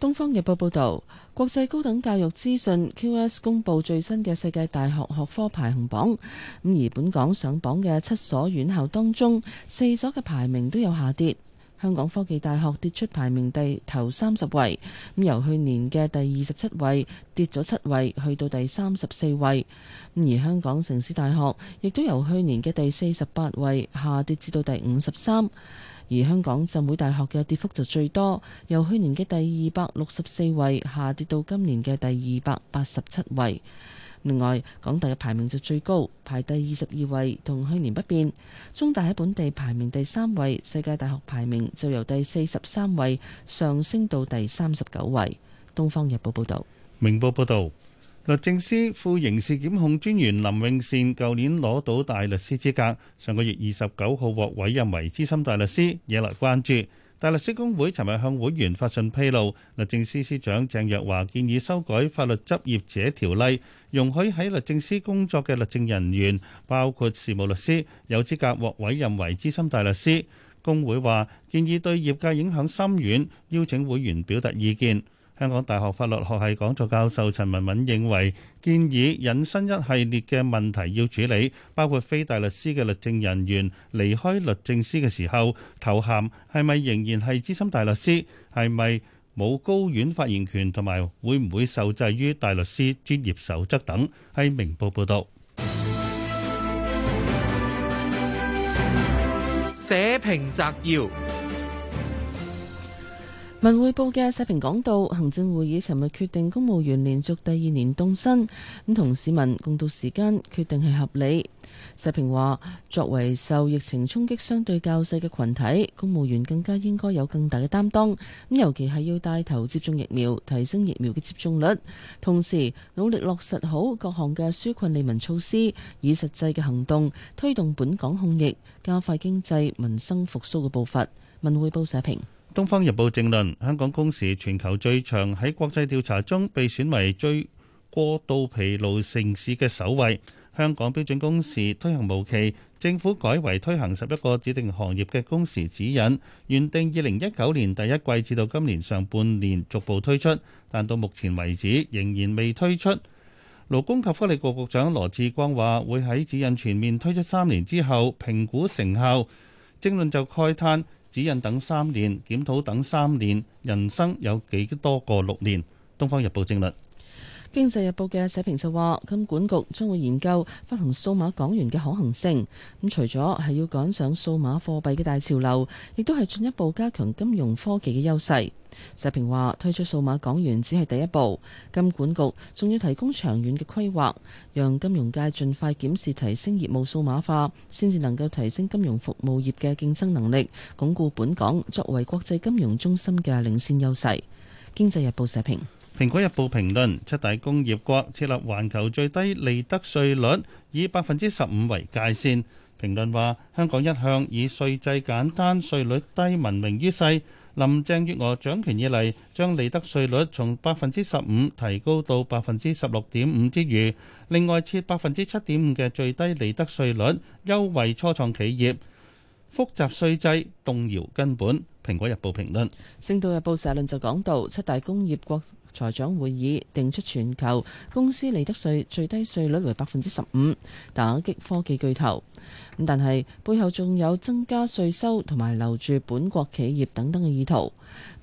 東方日報報道，國際高等教育資訊 QS 公佈最新嘅世界大學學科排行榜。咁而本港上榜嘅七所院校當中，四所嘅排名都有下跌。香港科技大學跌出排名第頭三十位，咁由去年嘅第二十七位跌咗七位，去到第三十四位。而香港城市大學亦都由去年嘅第四十八位下跌至到第五十三，而香港浸會大學嘅跌幅就最多，由去年嘅第二百六十四位下跌到今年嘅第二百八十七位。另外，港大嘅排名就最高，排第二十二位，同去年不變，中大喺本地排名第三位，世界大學排名就由第四十三位上升到第三十九位。《東方日報》報道，明報》報道，律政司副刑事檢控專員林永善，舊年攞到大律師資格，上個月二十九號獲委任為資深大律師，惹來關注。.大律師公會尋日向會員發信披露，律政司司長鄭若驊建議修改法律執業者條例，容許喺律政司工作嘅律政人員，包括事務律師，有資格獲委任為資深大律師。公會話，建議對業界影響深遠邀請會員表達意見。香港大學法律學系講座教授陳文敏認為，建議引申一系列嘅問題要處理，包括非大律師嘅律政人員離開律政司嘅時候，頭銜係咪仍然係資深大律師？係咪冇高院發言權？同埋會唔會受制於大律師專業守則等？喺明報報道，社評摘要。文匯報嘅社評講到，行政會議尋日決定公務員連續第二年凍薪，咁同市民共度時間，決定係合理。社評話，作為受疫情衝擊相對較細嘅群體，公務員更加應該有更大嘅擔當，咁尤其係要帶頭接種疫苗，提升疫苗嘅接種率，同時努力落實好各項嘅紓困利民措施，以實際嘅行動推動本港控疫，加快經濟民生復蘇嘅步伐。文匯報社評。《東方日報》正論：香港工時全球最長，喺國際調查中被選為最過度疲勞城市嘅首位。香港標準工時推行無期，政府改為推行十一個指定行業嘅工時指引，原定二零一九年第一季至到今年上半年逐步推出，但到目前為止仍然未推出。勞工及福利局局,局長羅致光話：會喺指引全面推出三年之後評估成效。正論就慨嘆。指引等三年，檢討等三年，人生有幾多個六年？《東方日報》正論。經濟日報嘅社評就話，金管局將會研究發行數碼港元嘅可行性。咁除咗係要趕上數碼貨幣嘅大潮流，亦都係進一步加強金融科技嘅優勢。社評話，推出數碼港元只係第一步，金管局仲要提供長遠嘅規劃，讓金融界盡快檢視提升業務數碼化，先至能夠提升金融服務業嘅競爭能力，鞏固本港作為國際金融中心嘅領先優勢。經濟日報社評。《蘋果日報》評論：七大工業國設立環球最低利得稅率，以百分之十五為界線。評論話，香港一向以稅制簡單、稅率低聞名於世。林鄭月娥掌權以嚟，將利得稅率從百分之十五提高到百分之十六點五之餘，另外設百分之七點五嘅最低利得稅率，優惠初創企業。複雜稅制動搖根本，《蘋果日報》評論，《星島日報》社論就講到七大工業國。財長會議定出全球公司利得稅最低稅率為百分之十五，打擊科技巨頭咁，但係背後仲有增加稅收同埋留住本國企業等等嘅意圖。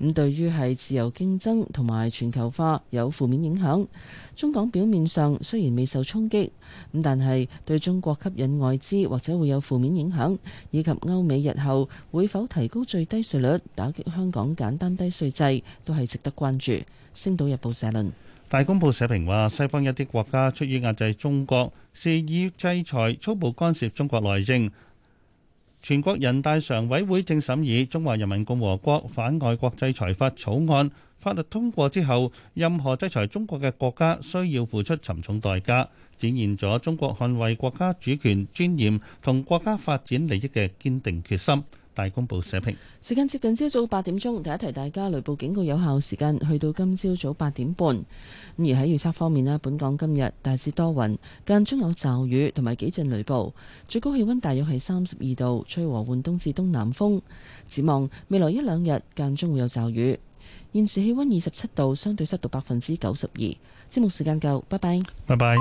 咁、嗯、對於係自由競爭同埋全球化有負面影響。中港表面上雖然未受衝擊咁，但係對中國吸引外資或者會有負面影響，以及歐美日後會否提高最低稅率，打擊香港簡單低稅制，都係值得關注。《星島日報》社論：大公報社評話，西方一啲國家出於壓制中國，肆意制裁、粗暴干涉中國內政。全國人大常委會正審議《中華人民共和國反外國制裁法》草案，法律通過之後，任何制裁中國嘅國家需要付出沉重代價，展現咗中國捍衛國家主權尊嚴同國家發展利益嘅堅定決心。大公報社評，時間接近朝早八點鐘，提一提大家，雷暴警告有效時間去到今朝早八點半。咁而喺預測方面咧，本港今日大致多雲，間中有驟雨同埋幾陣雷暴，最高氣温大約係三十二度，吹和緩東至東南風。展望未來一兩日間中會有驟雨。現時氣温二十七度，相對濕度百分之九十二。節目時間夠，拜拜，拜拜。